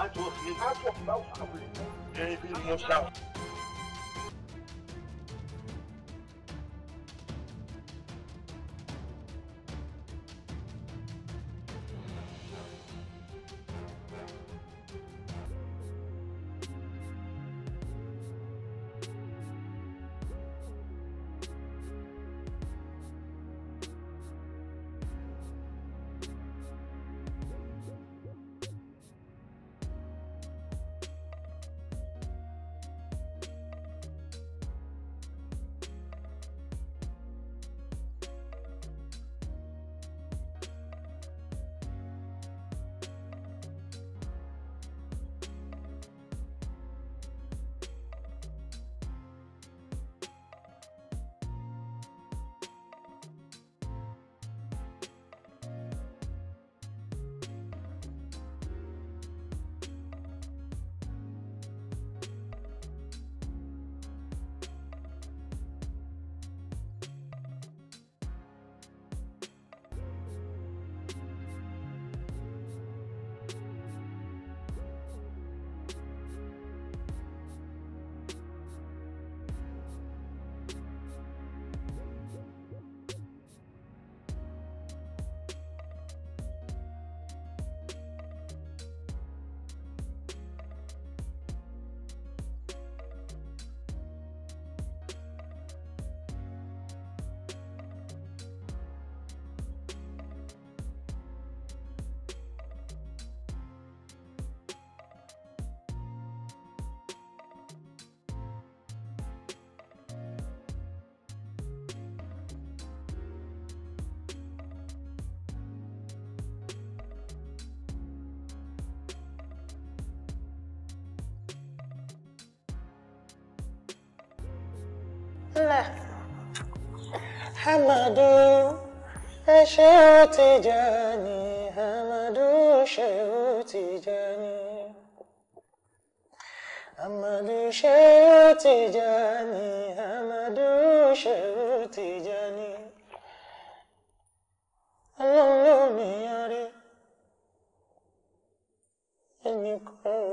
artwork, his artwork now. Every monster. Amadu ẹ ṣé ó Tijani Amadu ṣé ó Tijani Amadu ṣé ó Tijani Amadu ṣé ó Tijani ọlọ́run ló ní yọrí ẹnì kan.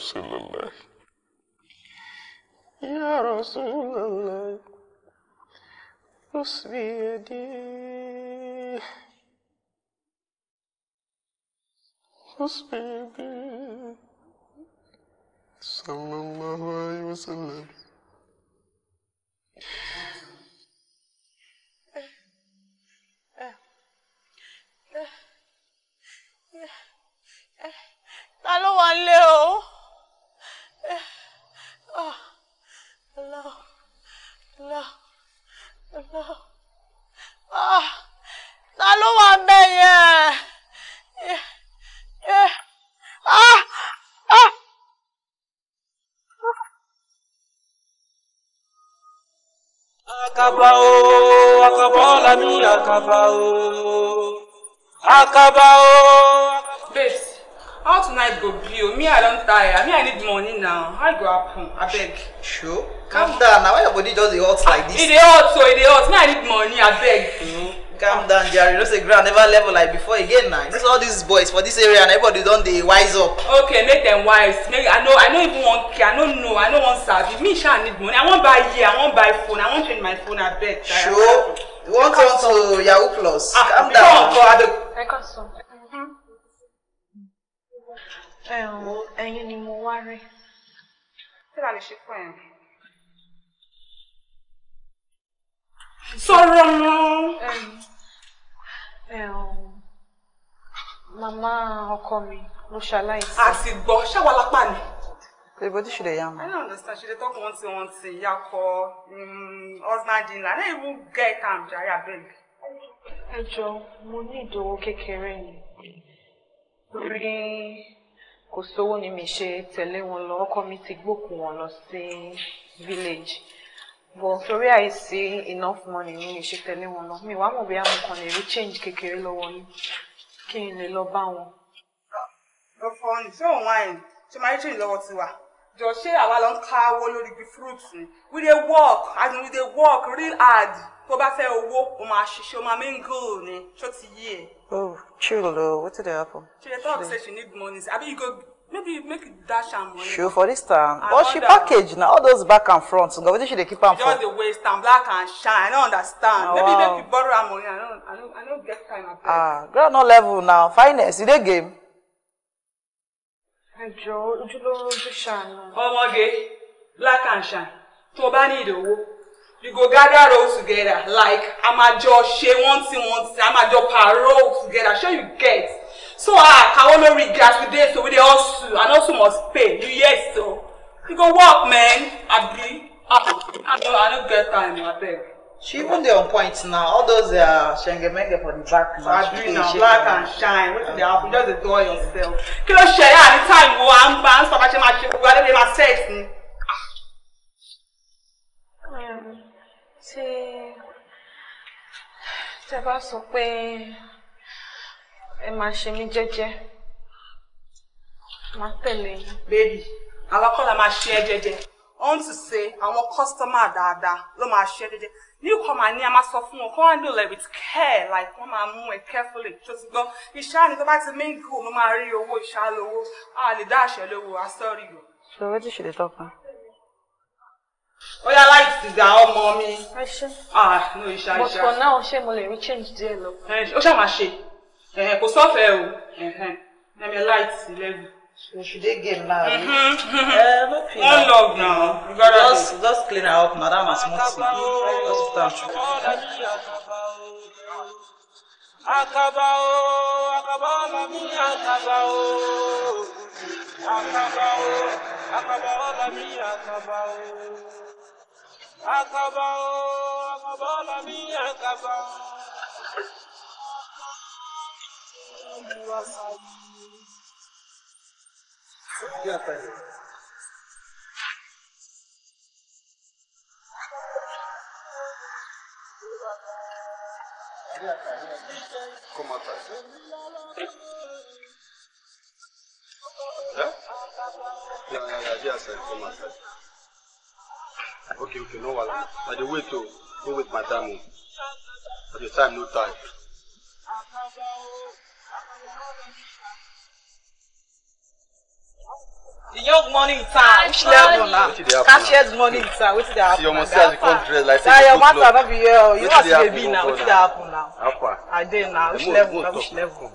رسول الله يا رسول الله رس بيدي رس بيدي level like before again na you know all these boys for this area and everybody don dey wise up. okay make dem wise make i no i no even wan care i no know i no wan sabi me sha need money i wan buy ear i wan buy phone i wan change my phone abeg. sure you wan turn to yahoo plus. ah calm down uncle ado. ẹ̀wọ̀n ẹ̀yin ni mo wá rí. kí la lè ṣe fún ẹ̀yìn. sọ̀rọ̀ mọ́ màmá ọkọ mi ló ṣaláìsí. a sì gbọ́ ṣáwa la pani. Everybody should have yam. I don't understand. Should they talk one thing, one Ya ko. um, husband in law. I don't even get am, Jaya Beg. Ejo. Money mo ní ìdòwò kékeré ni. Rí kò ni miche. ṣe tẹ̀lé wọn lọ, ọkọ mi ti gbókùn wọn village. But sorry, I see enough money mi lè ṣe tẹ̀lé wọn lọ mi wá mọ̀ bí àwọn kan lè rí change kékeré lọ́wọ́ yín kí n lè lọ bá wọn. ọ̀fọ̀ ní ṣé òun àìní ṣe máa rí change lọ́wọ́ tiwa jọ ṣé àwa ló ń káwó lórí bí fruits ni we dey work as in we dey work real hard tó bá fẹ́ owó o máa ṣiṣẹ́ o máa main goal ni ṣó ti yí ẹ. E? oh chill o wetin dey happen. she dey talk say she need money abi you go maybe make you dash am money. Sure, for this time. But she package now, all those back and front. So, wetin she dey keep on. for? Just the waist and black and shine. I no understand. Oh, maybe wow. make you borrow am money. I no, I no, I no get time abeg. Ah, ground no level now. Finest, you dey game? Ẹ jọ̀ọ́, ojúlówó ojú ṣàánú. Ọmọge, black and shine. Tó bá ní you go gather all together like a máa jọ ṣe one thing one thing, a máa jọ parole together. Sure you get? so ah kawo no rig as we so we dey hustle and hustle must pay you hear so you go work man abi ah i no i no get time abeg. she even dey on point now all those uh, shengemenge for the back na she dey shake black and shine wetin dey happen just dey dull yourself. kí ló ṣe yá ní táìmù wo à ń bá ń sọ̀rọ̀ ṣe máa ṣe gbogbo adé lè máa sex ni. Um, ṣé tẹ bá sọ pé ẹ máa ṣe mí jẹ́jẹ́ máa tẹ̀lé yín. baby àwọn kọ́ la máa ṣe ẹ jẹ́jẹ́ ohun tí ṣe àwọn kọ́sítọ́mà dáadáa ló máa ṣe ẹ jẹ́jẹ́ ní kọ́ máa ní a máa sọ fún wọn kọ́ wọ́n handle with care like wọ́n máa mú ẹ carefully tó ti gbọ́ iṣẹ́ àná tó bá ti main goal ló máa rí owó iṣẹ́ lówó a lè dá àṣẹ lówó a sọ́ọ̀rì o. so wetin she dey talk am. ó yá láì ti gba ọmọ mi. ẹ ṣe ah no iṣẹ́ iṣẹ́. but for now ṣé mo lè rí change díẹ̀ lọ. ó ṣàmà ṣe kò sọ́fẹ̀ o ẹ̀mí light eleven. We should dey get loud. One love now. just, just clean her up now. That must not see. Just put her through. Akaba o, akaba ọ̀la mi, akaba o. Akaba o, akaba ọ̀la mi, akaba o. Akaba o, akaba ọ̀la mi, akaba o. Good thing. Yeah, yeah, yeah, yes, sir. Come on, Okay, okay, no worries. I do wait to go with my time. At the time, no time. The young money sir. Which level now? Cashier's money sir. town. Wetin dey happen? See, almost say as you dress like say you Your matter not be here. You as you be now. Wetin dey happen now? Apa. I dey now. Which level Which level?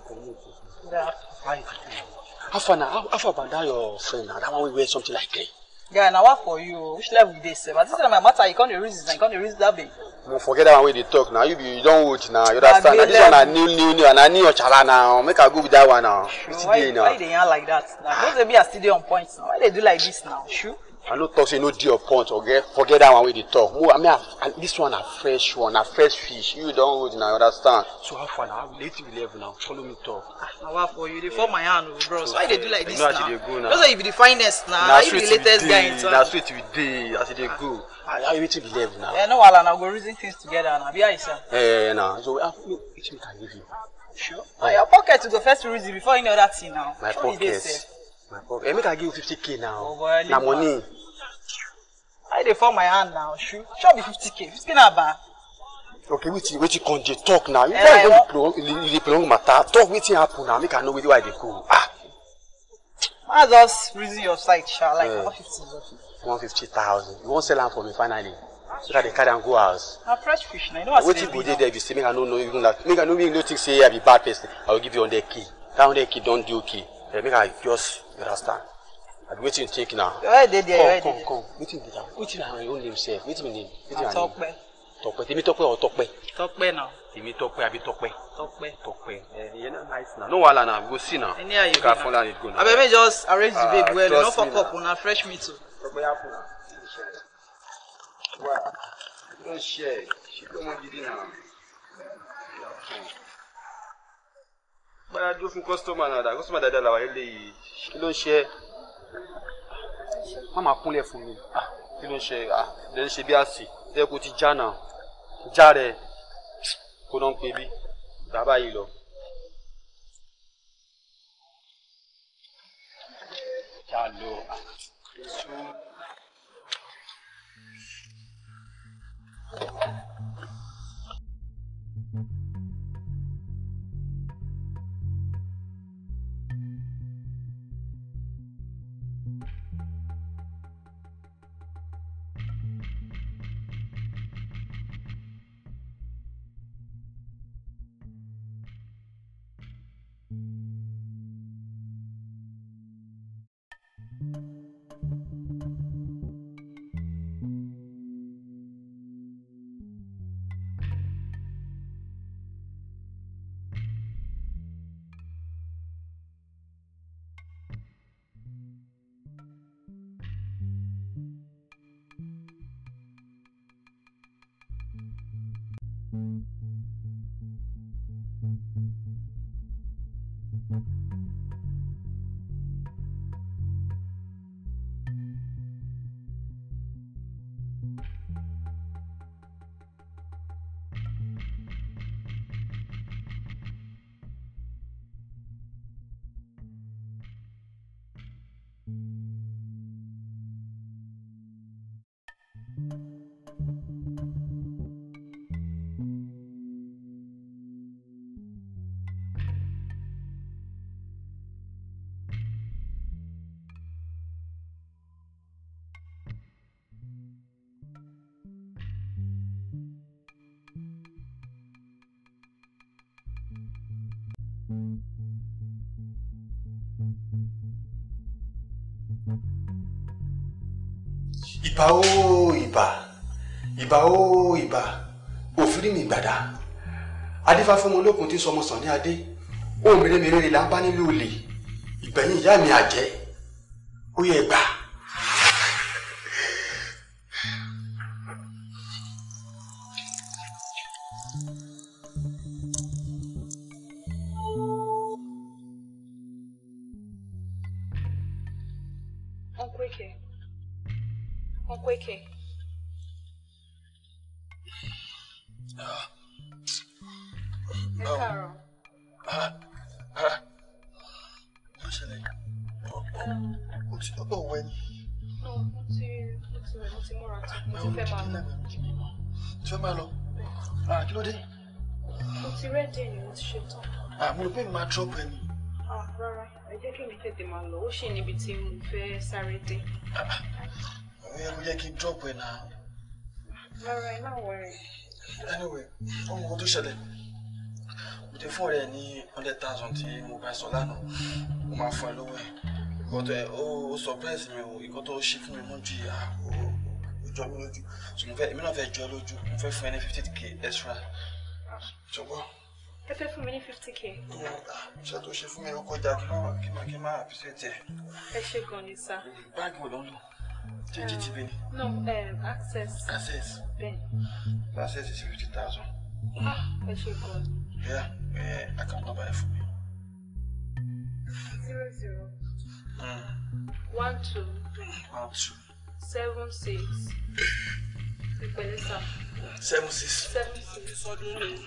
How far now? How far about that your friend now? That one we wear something like that. Yeah, now what for you? Which level this? But this is my matter, you can't erase this. you can't erase that big. No, forget that one wey dey talk now. You be you don old now. You understand? Na this one I new new new and na your chala now. Make I go with that one now. Wetin dey Why they dey like that? Now, those say me I still on points. now. Why they do like this now? Sure. I no talk say no deal punch or get forget that one wey dey talk. Mo I mean I, I, this one na fresh one na fresh fish. You don old na you understand. So how far na late we level now follow me talk. Ah na wa for you dey fall my hand o oh, bros. Why you dey do like this now? You know as you dey go now. Just say you be the finest na. Na straight we dey na sweet we dey as you dey go. Ah, ah you wetin be level now. Eh no wahala na we go reason things together na be how you sound. Eh na so wetin ah, we I give you. Sure. Na your pocket go first reason before any other thing now. My pocket. My pocket. Eh make I give you fifty k now. Oh, na money i dey fall my hand now sure. sure be fifty k fifty k na ba. okay wetin wetin come dey talk now you eh, guys dey prolong dey prolong matter talk wetin happen now make i know where i dey go ah. ma just reason your side sha like eh. one fifty. one fifty thousand you wan sell am for me finally so that they carry am go house. na fresh fish na you know as e dey be wetin go dey there be say make i no know even that. make i no make no think say i be bad person i go give you hundred k that hundred k don dey okay eh, make i just understand abi wetin think na. where dey there where dey there. come come wetin be that wetin na your own name sef wetin be name. na Tọ́pẹ́. Tọ́pẹ́ tèmi Tọ́pẹ́ or Tọ́pẹ́. Tọ́pẹ́ na. tèmi Tọ́pẹ́ abi Tọ́pẹ́. Tọ́pẹ́. Tọ́pẹ́ ẹ eh, ẹ na nice na no wahala na go see na. any how you go na abeg make just arrange the ah, babe well no fuck up una fresh meat o. Tọ́pẹ́ ya fun na. wa don share she go wan gidi na. báyà dúró fún kọ́sítọ́mà náà dà kọ́sítọ́mà dáadáa làwọn eléyìí kí ló ń ṣe é má máa kúnlẹ̀ fún mi ah, kí ló ń ṣe ah, lè ń ṣe bí àsì ẹ kò ti já náà já rẹ kó náà ń pe bí bàbá yìí lọ. Thank you. ìbà ó ìbà ìbà ó ìbà òfin mi gbàdá adífá fún mi olókun tí sọmọ sàn ní adé òun mèremère là ń bá nílùú olè ìgbẹ̀yìn ìyá mi àjẹ́ ó yẹ gbà. lọ ó ṣì níbi tí mo fẹ́ sáré dé. ẹ mo yẹ kí n drop ẹ náà. rárá ẹ náà wọrẹ. anyway ohun kan tó ṣẹlẹ̀ mo ti fún ọ̀rẹ́ ní hundred thousand tí mo bá sọ lánàá mo máa fún ẹ lówó ẹ ìkọ́tọ̀ ẹ ó surprise mi o ìkọ́tọ̀ ó ṣe fún mi mọ́ ju ìyá jọ mí lójú so mo fẹ́ èmi náà fẹ́ jọ lójú mo fẹ́ fún ẹ ní fifty k extra ṣùgbọ́n ẹ fẹ́ fún mi ní fifty k. ṣé tó ṣe fún mi ó kọjá kí má kí má kí má àpíṣẹ́tì ẹ̀. ẹ ṣe gan ni sá. báàgì wo ló ń lò jíjí ti bẹ́ẹ̀ ni. no um, access. access. bẹ́ẹ̀. access is fifty thousand. ah ẹ ṣe gan eh, ni. yẹ ẹ àkàǹtọ̀ báyìí fún mi. zero zero. Hmm. one two. one two. seven six. ìpẹ̀lẹ́ sá. seven six. seven six.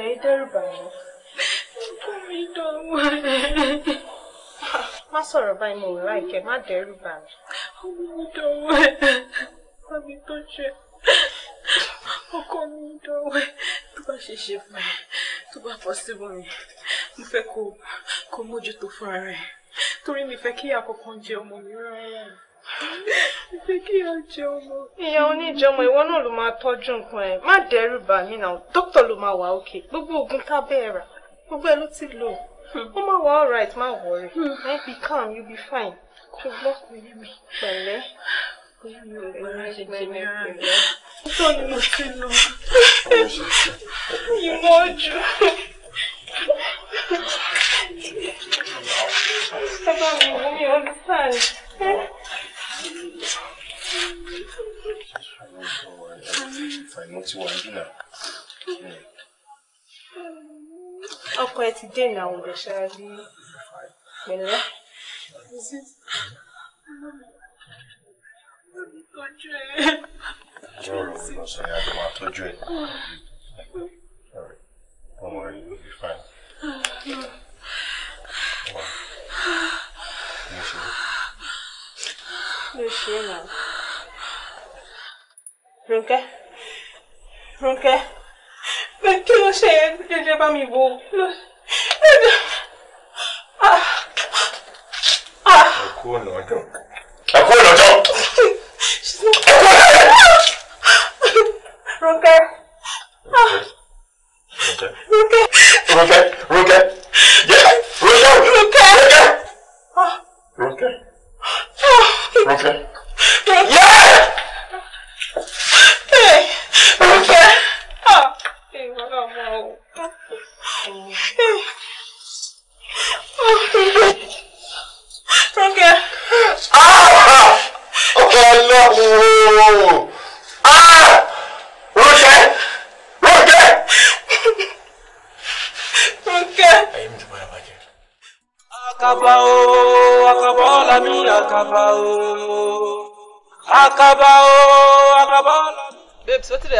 ọ̀dẹ̀ yìí dẹ́rù bà wọ́n. Bùnmi dánwò ẹ̀. Má sọ̀rọ̀ báyìí mo wò láìkẹ́, má dẹ́rù bà mí. Bùnmi dánwò ẹ̀. Bàbí tó jẹ. Ọkọ mi dánwò ẹ̀. Tó bá ṣe ṣe fún ẹ, tó bá fọ́ síbò mi, mo fẹ́ kó mójútó fún ara ẹ̀. Torí mi fẹ́ kí àkọ́kọ́ jẹ ọmọ mi rárá ṣe kí a jẹ ọmọ. ìyá oníjọmọ ìwọ náà ló máa tọ́jú nǹkan ẹ̀ má dẹ́rù bà mí náà dókítà ló máa wà òkè gbogbo oògùn tábẹ́ rà gbogbo ẹ̀ ló ti lò ó máa wà alright má worry ẹ̀ be calm you be fine ṣùgbọ́n pẹ̀lẹ́ tọ́ni mo ti lọ ìmọ̀ọ́jú. Ẹ bá mi wú mi, understand? àìmọ̀ tí wàá dínà. ọkọ ẹ ti dé ìnáwó rẹ ṣáájú pẹ̀lẹ́. Àjọ ọ̀rọ̀ lọ sọ ya ló máa tọ́jú ẹ̀. Don't worry, you'll be fine. Wow. You're sure? You're sure now. Rónkẹ́ Rónkẹ́ bẹ́ẹ̀ kí ló ṣe jẹjẹ bá mi wò ló jẹjẹ. ẹkú ọ̀nà ọjọ́ ẹkú ọ̀nà ọjọ́ ẹkú ọ̀nà ọjọ́. Rónkẹ́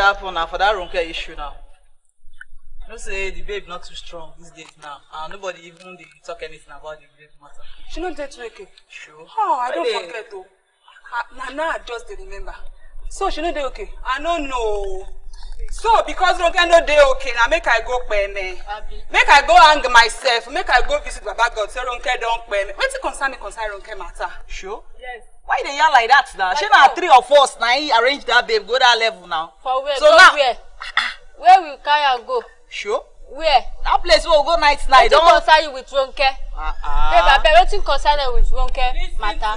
happen now, for that ronke issue now you know say the babe not too strong these days now and nobody even they talk anything about the babe matter she not dey too eke sure oh i don forget o na just dey remember so she not dey okay i don't know so because ronke no dey okay now make i go peme make i go hang myself make i go visit baba god say ronke don peme wetin concern me concern ronke matter sure yes why dey yarn like that now shey na three of us na him arrange that babe go that level now for where so go now, where ah, ah. where we carry am go. sure where that place wey we go night night don wetin concern you with ronke uh-uh. babe abeg wetin concern you with ronke matter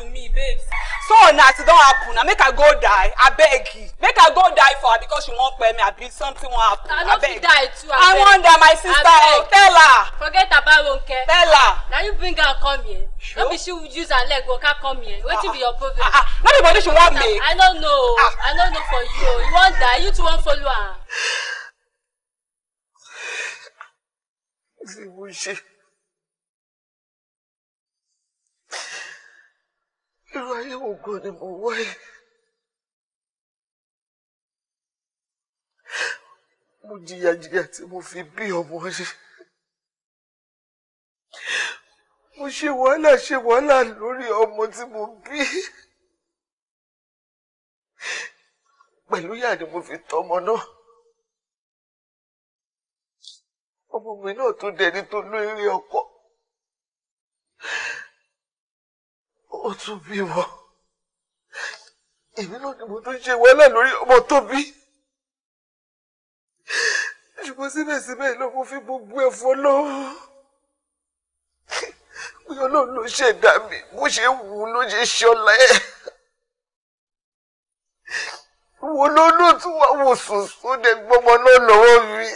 so na as e don happen na make i go die abeg make i go die for her because she wan pay me abi something wan happen abeg i no fit die too abeg i wan die my sister help oh, tell her forget about ronke tell her na you bring her come here Sure. no be she use her leg waka come here wetin be uh-uh. your problem ah ah uh-uh. no be body she wan make i no know ah. i no know for you o you wan die you too wan follow her. fi wo ṣe. irú ayé wo gan ni mo wá yìí. mo jìyàjìyà tí mo fi bí ọmọ ṣe. mo ṣe wàhálà ṣe wàhálà lórí ọmọ tí mo bí. pẹ̀lú yà ni mo ọmọ mi náà tún dẹni tó lórí ọkọ ó tún bímọ èmi náà ni mo tún ṣe wàhálà lórí ọmọ tó bí ṣùgbọ́n síbẹ̀síbẹ̀ ló mo fi gbogbo ẹ̀fọ́ lọ́wọ́ pé ọlọ́run ló ṣẹ̀dá mi bó ṣe wù ú ló ṣe ṣọlá ẹ̀ wo ló ló tún wá wò sùn sóde gbọmọ náà lọ́wọ́ mi.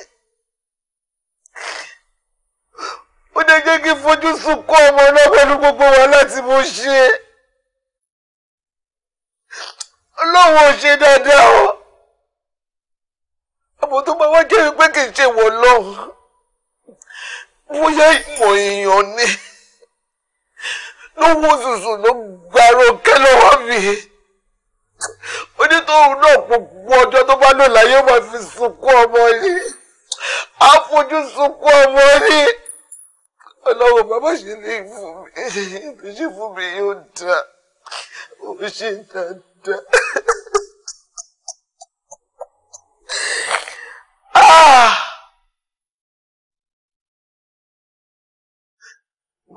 ó dé jẹ́ kí fojú sunkún ọmọ náà pẹ̀lú gbogbo wàhálà tí mo ṣe ọlọ́run ò ṣe dáadáa o àmọ́ tó máa wá jẹ́ pé kì í ṣe wọ̀ lọ́hùn bóyá ìmọ̀ èèyàn ni lówó ṣùṣù ló gbàrọ kẹlọ́wọ́ mi onítòhùn náà gbogbo ọjọ́ tó bá lò láyé máa fi sunkún ọmọ yìí á fojú sunkún ọmọ yìí ọlọ́wọ́ bàbá ṣe lè fún mi tó ṣe fún mi yóò dáa ó ṣe dáadáa.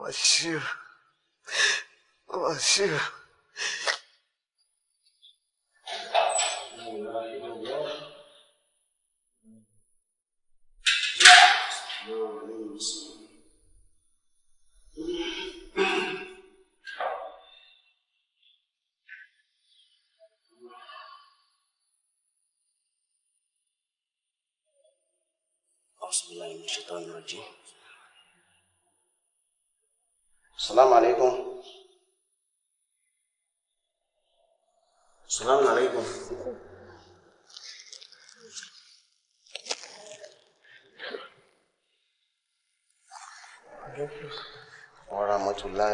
Mashiru, Mashiru. ji salamu alaikum salamu alaikum wa rahmatullahi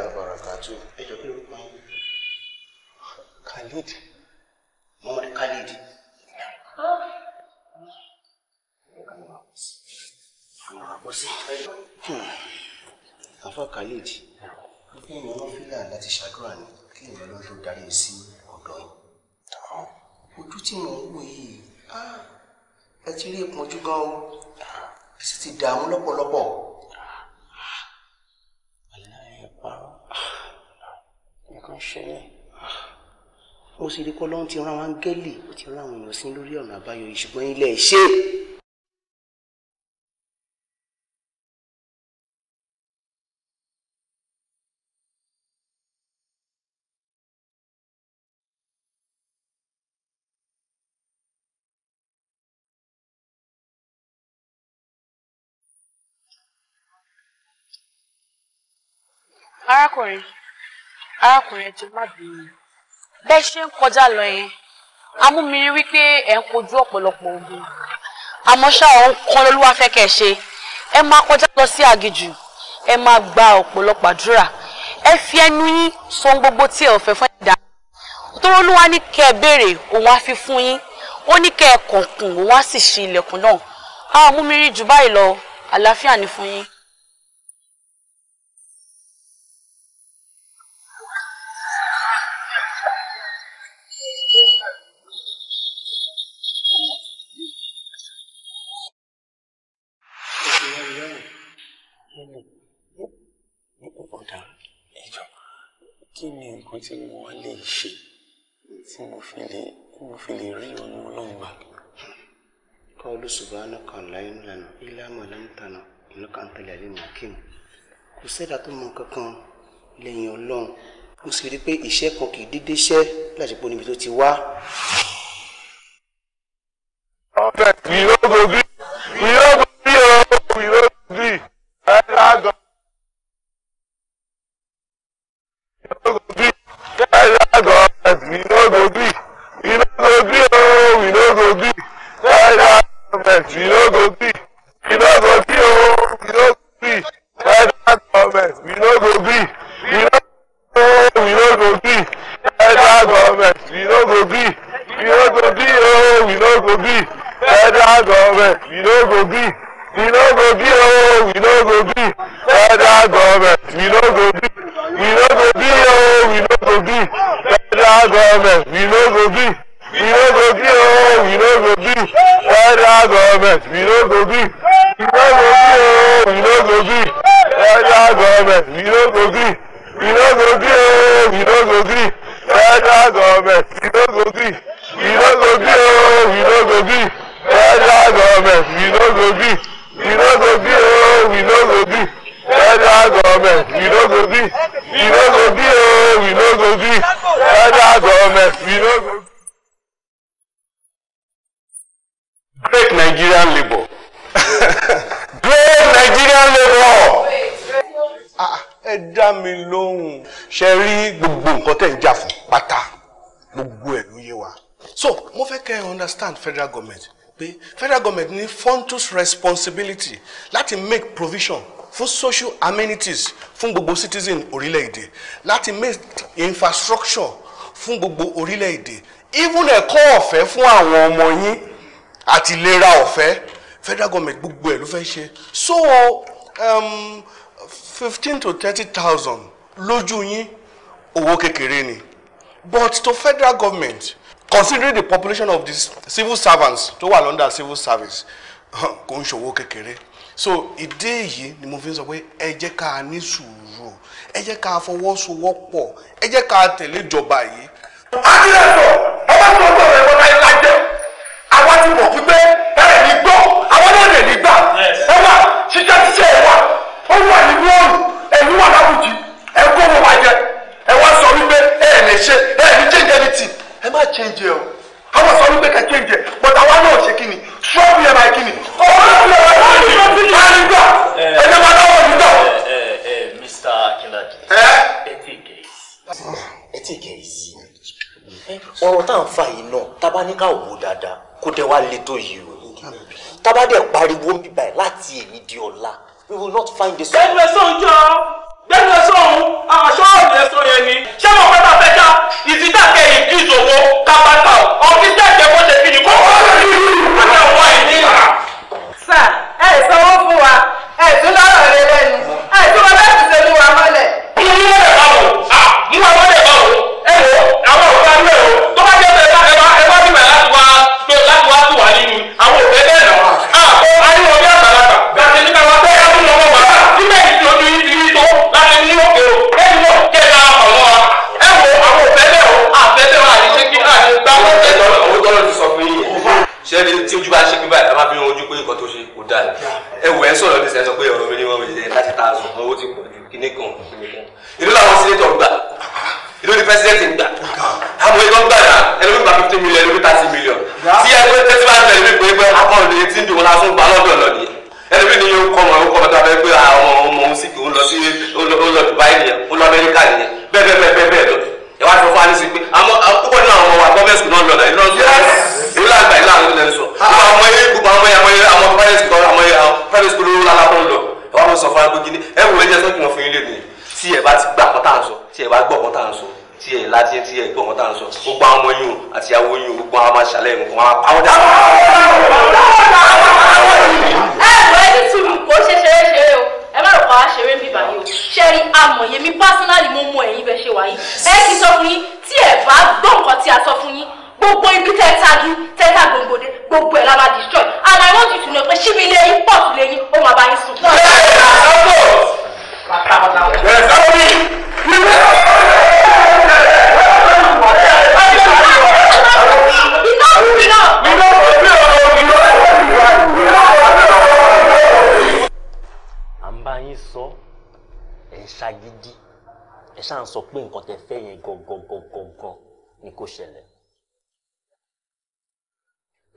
afa khalid wípé èèyàn ló fílà láti ṣàdúrà ni kí èèyàn ló tó darí sí ọ̀dọ̀ yìí ojú tí mò ń wò yìí ẹ ti rí ìpọ́njú gan o ẹ sì ti dààmú lọ́pọ̀lọpọ̀. nǹkan ṣẹlẹ̀ mo sì rí kọ́ lọ́hún ti rán àwọn áńgẹ́lì ó ti rán àwọn èèyàn sí lórí ọ̀nà àbáyọ ìṣùgbọ́n ilé ṣe é. arákùnrin arákùnrin ẹjọ má bínú bẹ́ẹ̀ ṣe ń kọjá lọ yẹn amúmiri wípé ẹ̀ ń kojú ọ̀pọ̀lọpọ̀ ogun àmọ́ ṣá òun kan lolúwa fẹ́ kẹ́ ẹ ṣe ẹ máa kọjá lọ sí aginjù ẹ máa gba ọ̀pọ̀lọpọ̀ àdúrà ẹ fi ẹnu yín sọ gbogbo tí ẹ ò fẹ́ fún ẹ̀dá tóró olúwa ní kẹ́ ẹ béèrè òun á fi fún yín ó ní kẹ́ ẹ kọ̀ọ̀kùn òun á sì ṣí ilẹ̀kùn náà àwọn amúmiri jù báyìí lọ àlàáfíà ní fún yín. kí ni nǹkan tí mo wá lè ṣe tí mo fi lè mo fi lè rí ọ̀nà ọlọ́run gbà. kọ́ọ̀lù subhanaka la ilma lana illa ma lamtana innaka antal alimul hakim kò sẹ́dá tó mọ kankan lẹ́yìn ọlọ́run mo sì rí i pé ìṣẹ́ kan kì í dédé ṣẹ́ láṣepọ̀ níbi tó ti wá. ọ̀tẹ̀ mi ó gogi. federal government pé federal government ní fundus responsibility láti make provision fún social amenities fún gbogbo citizen orílẹ̀-èdè láti make infrastructure fún gbogbo orílẹ̀-èdè even ẹ̀kọ́ ọ̀fẹ́ fún àwọn ọmọ yín àti ìlera ọ̀fẹ́ federal government gbogbo ẹ̀ ló fẹ́ ṣe so um, fifteen to thirty thousand lójú yín owó kékeré ni but to federal government considering the population of these civil servants tó wà lọ́ndà civil service kò ń ṣòwò kékeré so ìdí èyí ni mo fi ń sọ pé ẹ jẹ́ ká ní sùúrù ẹ jẹ́ ká fọwọ́sowọ́pọ̀ ẹ jẹ́ ká tẹ̀lé ìjọba yìí. adílẹ̀sọ̀ ọba tí mo gbọ́ rẹ̀ wọ́n láyé lájẹ́ àwa ti mọ̀ pípé ẹ̀rẹ̀ ní gbọ́ àwa náà lè ní gbà ẹ wá ṣiṣẹ́ ṣiṣẹ́ ẹ wá ó wà ní wọ́ọ̀lù ẹ̀yìn wà láwùjí ẹ kó wọn wá jẹ ẹ wá sọ wípé ẹ lè ṣe ẹ ní change anything ẹ má change ẹ o àwọn sọ wípé ká change but àwa náà ṣe kíni ṣọ́ọ̀bù yẹn máa kíni. ọ̀rọ̀ mi ò wá sí ìlú ti máa ń gbà ẹni máa náwó mi gbà. Mr. Akínládé etí ìkẹyìí etí ìkẹyìí ọ̀rọ̀ tá à ń fa yìí náà tábà ní ká wò dáadáa kó dé wá lè tó yìí o tábà dẹ̀ pariwo bíbá láti èyí di ọ̀la we will not find the solution. ẹgbẹ́ sọ̀njọ́ gbẹ́nu ẹ̀sọ́ ọ̀hún aṣọ ọ̀dẹ ẹ̀sọ́ yẹn ni ṣé mo fẹ́ bá fẹ́ ká ìdídàkẹ́ ìdíz owó kápátá ọ̀kí dàkẹ́ bó ṣe fi ní kókó àti ọ̀wọ́ ìdí. sà ẹ sanwó fún wa ẹ tún lọ́rọ̀ rẹ lẹ́nu ẹ tún wọn láti ṣe mú wa mọ́lẹ̀. mú wa mọ́lẹ̀ báwo mú wa mọ́lẹ̀ báwo ẹ wo àwọn òkú alẹ́ o tó bá jẹ ṣẹ́ni tí ojú bá ṣe pé báyìí a máa fi hàn ojú pé nǹkan tó ṣe kò dáa ẹ wẹ̀ ẹ́ sọ̀rọ̀ ní sẹ́sọ pé ọ̀rọ̀ mi ni wọ́n mi ṣe láti ta àzùn owó ti pọ̀ ní kíní kan ìlú làwọn sínétọ̀ gbà ìlú ni pẹ́sidẹ́ntì gbà àwọn ìgbọ́n gbà náà ẹlòmí gba fifty million ẹlòmí thirty million tí ẹ pé tẹ́tí máa ń tẹ̀lé mi pé pé akọ́ni tí ń dùn wọn lásán gbà lọ́dọ̀ lọ nìyẹn ẹlòmí ni yóò kọ́ wọn kọ́ bàtà bẹ́ẹ̀ pé àwọn ọmọ òun sì kì í ń lọ sí ó lọ Dubai nìyẹn ẹ wá sọ fún wa nísìnyí pé àmọ́ púpọ̀ nínú àwọn ọmọ wa gọ́ọ̀mẹ̀sì kù náà lọ náà ìlú náà gbà ìlú àwọn ìlú sọ ìwà ọmọ yẹ gbogbo àwọn ọmọ yẹ àwọn private school àwọn private school ló lálá lọ ẹ wá sọ fún wa ẹ wò ó sọ́kùn fún ilé nìyí tí ẹ bá ti gbà kọ́tà ń tí ẹ bá gbọ́ kọ́tà ń tí ẹ lájẹ tí ẹ gbọ́ kọ́tà ń gbogbo àwọn ọmọ àti àwọn yìí gbogbo àwọn aṣàlẹ̀ ẹ̀ wọn pa ọ́ dà. ẹ wọ ẹni tí mo kò ṣe ṣeré ṣeré o ẹ má rò pa ṣeré ń bìbà yìí o ṣe rí amòye mi pásínálì mo mọ ẹ̀yin bẹ́ ṣe wà yìí ẹ kì í sọ fún yín tí ẹ bá gbọ́ nǹkan tí a sọ fún yín gbogbo ibi tẹ́ tajú tẹ́ ta gbòǹgbòdè gbogbo ẹ̀ la máa destroy and i want you to know pé ṣíbi ilé yín pọ̀ sí lẹ́yìn ó máa bá yín sùn. bẹ́ẹ̀ sábà mi nígbà tó ń bọ̀ ẹ́ ẹ́ ẹ́ ẹ́ ẹ́ ẹ́ ẹ́ ẹ́ ẹ́ ẹ́ ẹ́ ẹ́ ẹ́ ẹ́ ẹ́ ẹ́ ẹ́ ṣagídí ẹ ṣáà ń sọ pé nǹkan tẹ fẹ́ yẹn gangan ni kò ṣẹlẹ̀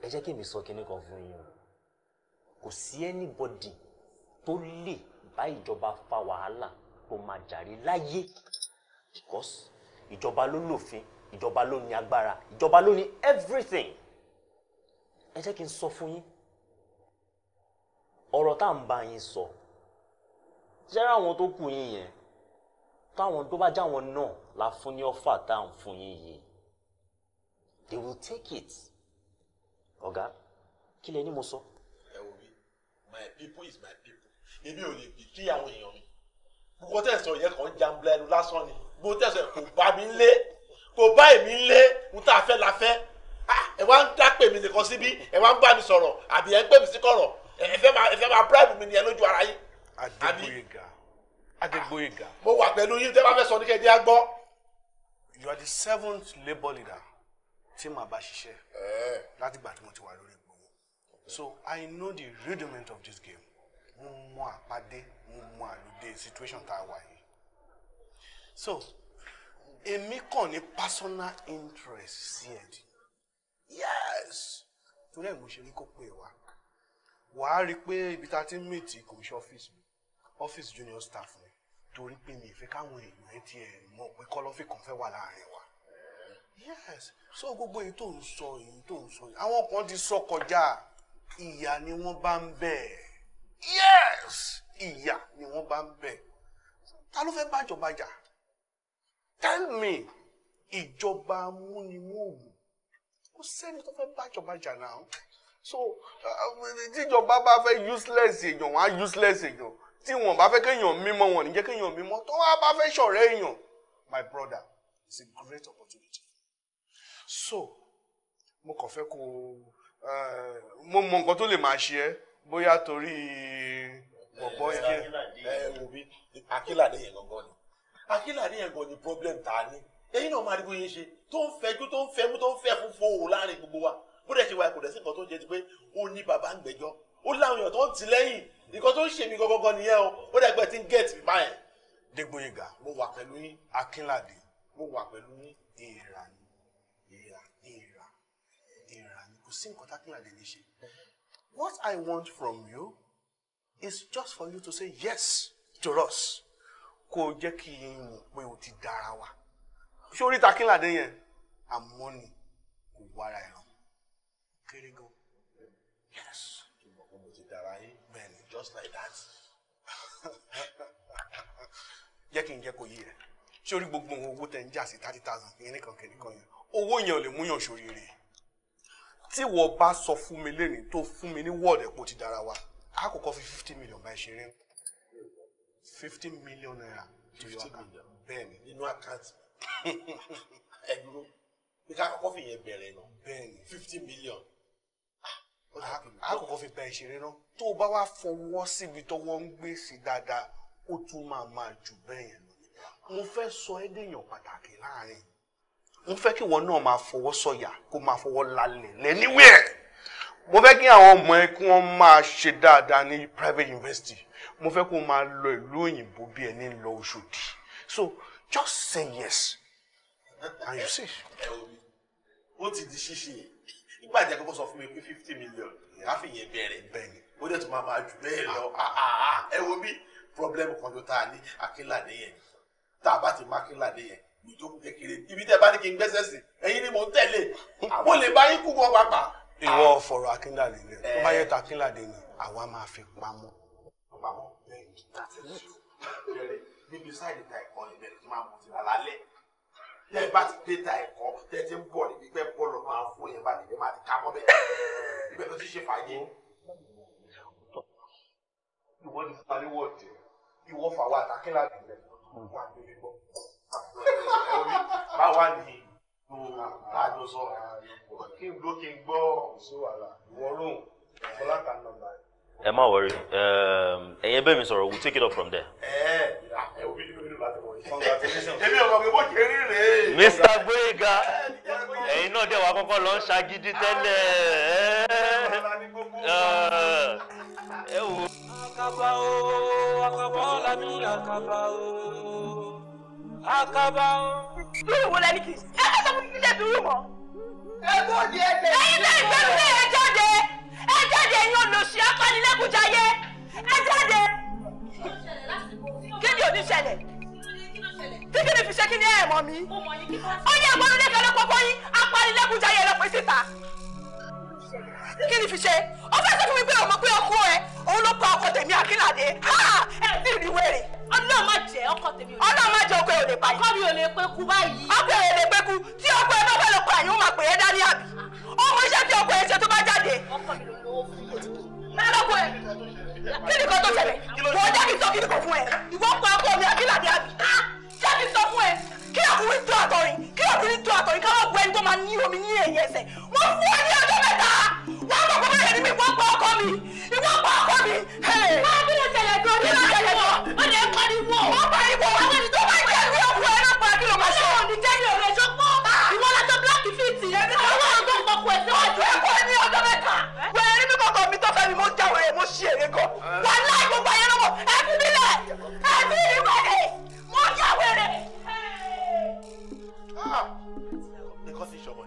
ẹ jẹ́ kí mi sọ kinní kan fún yín o kò sí anybody tó lè bá ìjọba fa wàhálà tó máa jàre láyé because ìjọba ló lòfin ìjọba ló ní agbára ìjọba ló ní everything ẹ jẹ́ kí n sọ fún yín ọ̀rọ̀ tá à ń bá yín sọ. So ṣẹ́rẹ́ àwọn tó kù yín yẹn táwọn tó bá jáwọn náà la fún ní ọ́fà tá à ń fún yín yìí they will take it ọ̀gá kí lẹ ní mo sọ. ẹ wo mi my people is my people èmi ò lè bì kí àwọn èèyàn mi gbogbo tẹ̀sán yẹn kàn ń jambla ẹnu lásán ni gbogbo tẹ̀sán kò bá mi ń lé kò bá èmi ń lé ń tá a fẹ́ la fẹ́ ah, ẹ wá ń dá pè mí nìkan síbí ẹ wá ń bá mi sọ̀rọ̀ àbí ẹ ń pè mí sí kọ̀rọ̀ ẹ fẹ́ máa bribe mi nìyẹn lójú ara yín. Adégbóyèga. Adégbóyèga. Mo wà pẹ̀lú yín tẹ́ bá fẹ́ sọ ní kẹ́ẹ̀dé agbọ́. You are the seventh labour leader tí màá bá ṣiṣẹ́ eh. láti gbà tí mo ti wà lórí Ìgbòho. So I know the rudiment of this game. Mo mọ àpàdé, mo mọ àlùdé situation tá a wà yìí. So èmi kàn ní personal interest sí ẹ̀ dì. Yes! Torí ẹ̀ mo ṣe ní kó pè wá. Wàá rí i pé ibi tá a ti ń mìtì kò ṣe ọ́fíìsì mi. Office junior staff ni torí pé mi ìfẹ́ káwọn èèyàn tiẹ̀ mọ̀ pé kọ́lọ́fì kan fẹ́ wà láàrin wa. yes so gbogbo èyí tó ń sọ èyí tó ń sọ yìí àwọn kan ti sọ kọjá ìyà ni wọ́n bá ń bẹ̀ yes ìyà ni wọ́n bá ń bẹ̀ ta ló fẹ́ bájọba jà tell me ìjọba amúnimóògùn kò sẹ́ni tó fẹ́ bájọba jà náà so uh, tíjọba bá fẹ́ useless èèyàn wọ́n useless èèyàn tí wọn bá fẹ́ kéèyàn mímọ́ wọn ní jẹ́ kéèyàn mímọ́ tó wá bá fẹ́ ṣọ̀rẹ́ èèyàn my brother it's a great opportunity so mo kàn fẹ́ kó eh, mo mọ nǹkan tó lè máa ṣe ẹ́ bóyá torí bọ̀bọ̀ yẹn eh, wò bí akílàdé yẹn gangan ni akílàdé yẹn gangan ni problem tá a ní ẹ̀yin náà máa rí bóyá ṣe tó ń fẹjú tó ń fẹmú tó ń fẹ fún fowó láàrin gbogbo wa bó dẹ̀ ṣe wà kò dẹ̀ sí nǹkan tó ń jẹ ti pé ó ní bàbá ń gbẹ́jọ́ ó láwọn èèyàn tó ń tì lẹ́yìn nǹkan tó ń ṣe mí gangan nìyẹn o ó dẹ̀ pẹ́ tí ń gẹ̀ẹ́tì mi báyẹn. Dégbóyèga mo wà pẹ̀lú yín Akínládé mo wà pẹ̀lú yín ìrà ìrà ìrà ìrà ni kò sí nǹkan tákínládé lè ṣe. What I want from you is just for you to say yes to us kó jẹ́ kí n mọ̀ pé o ti dára wa ṣé orí takínládé yẹn àmọ́ ni kò wára ẹ̀rọ kéré gan-an. just like that jẹ́ kí n jẹ́ kó yí rẹ̀ sórí gbogbo owó tẹ̀ ń jà sí thirty thousand kìíní kan kìíní kan yẹn owó yẹn ò lè mú yàn sórí rẹ̀ tí wọ́n bá sọ fún mi lẹ́nìí tó fún mi ní wọ́ọ̀dù ẹ̀pọ̀ ti dára wa àkọ́kọ́ fi fifty million bá ẹ ṣe rí fifty million naira tó yọ àkáǹtì bẹ́ẹ̀ ni nínú àkáǹtì ẹ̀dúró bí ká kọ́kọ́ fìyẹn bẹ̀rẹ̀ náà bẹ́ẹ̀ fifty million àkọ́kọ́ fi bẹ ìṣeré náà tó o bá wá fọwọ́ síbi tọwọ́ ń gbé sí dáadáa ó tún máa máa jù bẹ́ẹ̀ yẹn lọ mo fẹ́ sọ ẹ́ dèèyàn pàtàkì láàrin mo fẹ́ kí ìwọ náà máa fọwọ́ sọ̀yà kó máa fọwọ́ lálẹ́ lẹ́níwẹ̀ẹ́ mo fẹ́ kí àwọn ọmọ ẹ kí wọ́n máa ṣe dáadáa ní private university mo fẹ́ kó máa lọ ìlú òyìnbó bí ẹni lọ Òṣòdì so just say yes and you see. ó ti di ṣíṣe yẹn nígbà jẹ́ kókó sọ fún mi pé fifty million káfí yẹn bẹ̀rẹ̀ bẹ́ẹ̀ni ó dẹ̀ tún máa máa jù bẹ́ẹ̀ lọ ah, ah, ah, ẹ wo bí problem kan tó tá a ní akínládé yẹn tá a bá ti má akínládé yẹn mi tó kú kékeré ibi tẹ́ bá ní kí n gbẹ́sẹ̀ sí ẹ̀yin ni mò ń tẹ̀lé àbó lè bá yín kú gan pàpà. ìwọ fọ̀rọ̀ akínládé lẹ tó bá yẹ eh. ta akínládé ni àwa máa fi pamọ́. pamọ́ bẹ́ẹ̀ni tàtí níbi sáìdì ta ẹ̀kọ́ ni bẹ́ẹ̀ ni máa mú ti lálẹ́ tẹ́ ẹ bá ti dé ta ẹ̀kọ́ tẹ́ ti ń bọ̀ níbi pẹ́ bọ́ọ̀lù máa fún yẹn bá nìyẹn máa ti ká mọ́ bẹ́ẹ̀ ibẹ̀ ló ti ṣe fàájì. ìwọ ni fúnpa léwọ̀ dé ìwọ fà wá àtàkìlà bìrẹ̀ wà lórí bọ̀. báwa ni láàjọ sọ kí n ló kí n gbọ́ ìwọ lóhùn ọlọ́kà nọ́mbà. ẹ má wọrí ẹyẹ bẹ́ẹ̀ mi sọ̀rọ̀ we take it up from there. Mr Gboyega ẹ̀yin náà dẹ̀ wá kọ́kọ́ lọ ń ṣagídí tẹ́lẹ̀ ẹ wò. akaba o akaba o lami akaba o akaba o. lórí wo lẹni kì í ẹ ká sọ fún mi nílẹ̀ dúró mọ́. ẹ bóde ẹ tẹ̀lé. ẹ̀yin náà ẹ jáde ẹ jáde ẹ̀yin olóṣì apanilẹ́kùnjayé ẹ jáde. kí ni ó kíkí ni fi ṣe kí ni ẹ̀ mọ̀ mi. ó yẹ àgbọ̀nrín ní ìfẹ́ lọ́pọ̀ yín apanilẹ́kùnjà yẹn lọ pé síta. kí ni fi ṣe ó fẹ́ sọ fún mi pé ọmọ pé ọkọ ẹ òun ló pa ọkọ tèmi àkínládé ẹ sì rí wèrè. ọlọ́run má jẹ́ ọkọ tèmi ò lè. ọlọ́run má jẹ́ ọkọ ẹ ò lè pa yìí. ọkọ mi ò lè pé kú báyìí. ọkọ ẹ ò lè pé kú tí ọkọ ẹ bá fẹ́ lọ pa yìí ó máa pè é dání àbí. ọmọ iṣẹ́ tí ọkọ ẹ ṣe tó bá jáde. ọkọ mi ló lówó fún mi lọ́kọ̀ ẹ̀ kí ni kan tó ṣẹlẹ̀ wọ́n jáde sọ kí ni kò fún ẹ̀ ìwọ́n pa ọkọ mi àbí làdí àbí mi sọ fún ẹ kí ọkùnrin tó àtọ̀rìn kí ọkùnrin tó àtọ̀rìn káwọn gbọ́ ẹni tó máa ní omi ní ẹ̀yìn ẹsẹ̀ wọ́n fún ẹ ní ọjọ́ mẹ́ta wọ́n mọ̀ pé bẹ́ẹ̀ ni mi wọ́n pa ọkọ mi ìwọ́n pa ọkọ mi. wọ́n á kílò tẹ̀lẹ̀ gan ní ìlànà ìwọ̀ ó lè kọ́ ni wọ̀. wọ́n pa ìwọ̀ àwọn ẹni tó bá jẹ́ ìwé ọkùnrin ẹ̀ náà pa kí ló máa ṣe. ọlọ́run ní jẹ́ ní ọ̀rẹ́ ẹjọ́ pọ̀ ah. ìwọ́n lọ́jọ́ bíláàkì fíìtì àwọn ọgbọ́n kọkọ ẹ̀ síwájú. ọjọ́ ẹ̀kọ́ ní ọjọ́ mẹ́ta eh? wẹ̀rẹ̀ ní kọ̀ọ̀kan mi tó fẹ́ mi mo jáwèé mo ṣí èrè gan eh ọjà wèrè. Ah! nǹkan sì ṣọmọ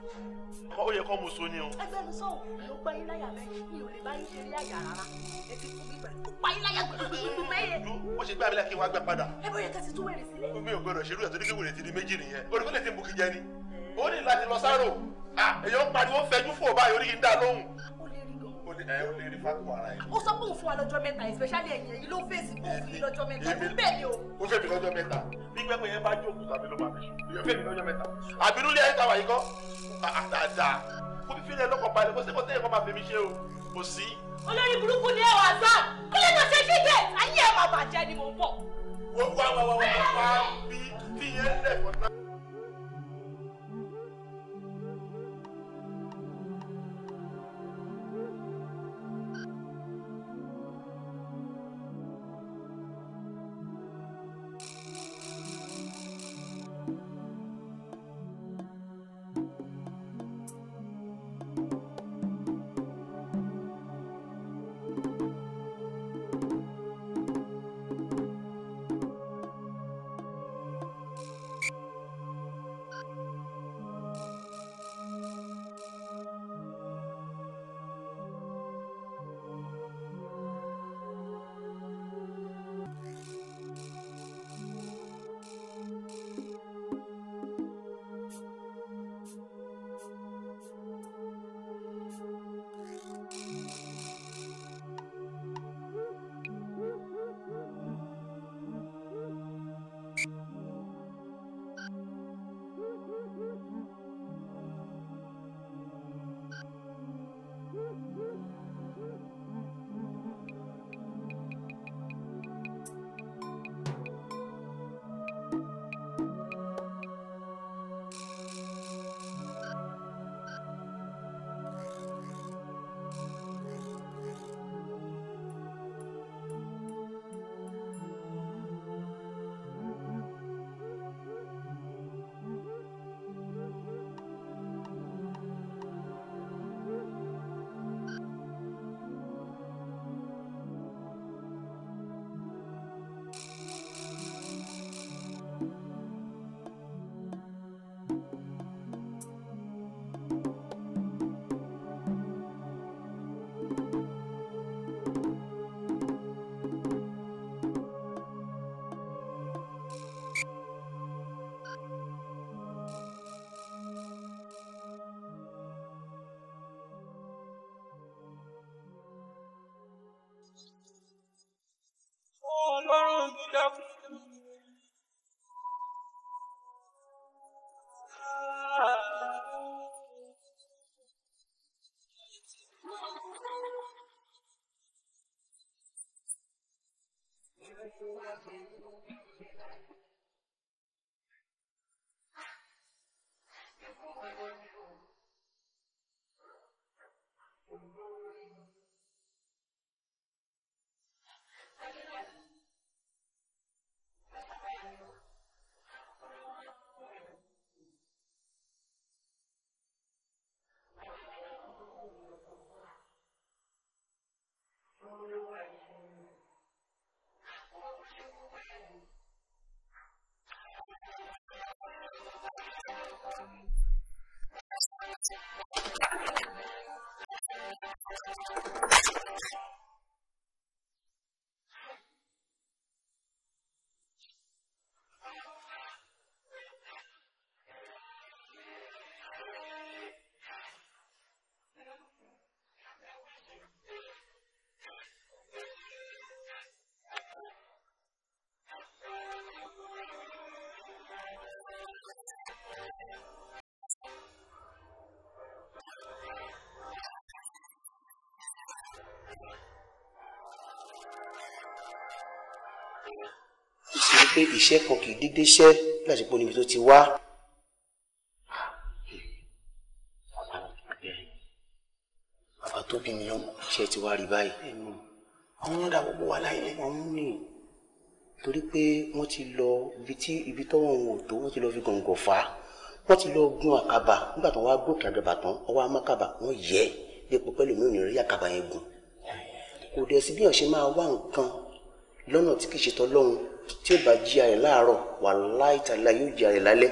ó yẹ kó mu so ni o. ẹgbẹ́ mi sọ̀rọ̀ ló gbá yín láyà bẹ́ẹ̀ mi ò lè bá yín ṣeré àyà rárá ẹ ti fún mi bẹ̀rẹ̀ tó pa yín láyà gbẹdúgbẹdú mẹ́yẹ. bó ṣe gbá mi láyà wá gbà padà. ẹ bó yẹ kẹsì tún wèrè sílẹ̀. mi ò gbọdọ̀ ṣerú ẹ̀ torí pé wèrè ti di méjì nìyẹn orí kọ́lẹ̀ ti ń bu kíjẹ ni ó ní láti lọ sáró èèyàn ah, pariwo fẹjú fò báyìí orí kì í dá lóhùn o lè ẹ o lè rí fatima ara yẹn. ó sọ pé òun fún wa lọ́jọ́ mẹ́ta especially ẹ̀yìn èyí ló fèsì kó fún lọ́jọ́ mẹ́ta ẹ̀mí bẹ́ẹ̀ ni o. ó fẹ́ mi lọ́jọ́ mẹ́ta nígbà pé yẹn bá jókòó tàbí ló máa fi ṣùgbọ́n yóò fẹ́ mi lọ́jọ́ mẹ́ta àbínú lé ayé táwa yìí kọ́ dáadáa kó fífi lẹ́ lọ́kọ̀ balẹ̀ kó sẹ́kọ̀ tẹ́yẹ̀ kọ́ máa fẹ́ mi ṣe o kò sí. olórí burúkú ni ẹ wà sá kúlẹ̀ náà ṣe ṣe yẹ ayé ẹ máa bàjẹ́ ni mò ń bọ̀. wọ́n wá wá wá wá wá bí tíyẹn lẹ̀ kọ́ Ah. pé iṣẹ́ kan kì í dédé ṣẹ́ láti pọ̀ níbi tó ti wá. bàbá tó bí mi lọ́mọ ṣe ti wá rí báyìí. àwọn ọ̀dà gbogbo wà láyé ọ̀hún ni torí pé wọ́n ti lọ ibi tí ibi tọ́wọ́ wọn ò tó wọ́n ti lọ fi gàngàn fà á wọ́n ti lọ gun àkàbà nígbà tó wá gòkè àgbàbà tán ọwọ́ amákàbà wọ́n yẹ ẹ́ dípò pẹ̀lú mi ò ní rí àkàbà yẹn gùn kò dẹ̀ sí bí ọ̀ṣẹ́ máa wá nǹkan lọ́nà tí kì í ṣe tọ́lọ́run tí ó bá jí ààrẹ láàárọ̀ wà láìtàlá yóò jí ààrẹ lálẹ́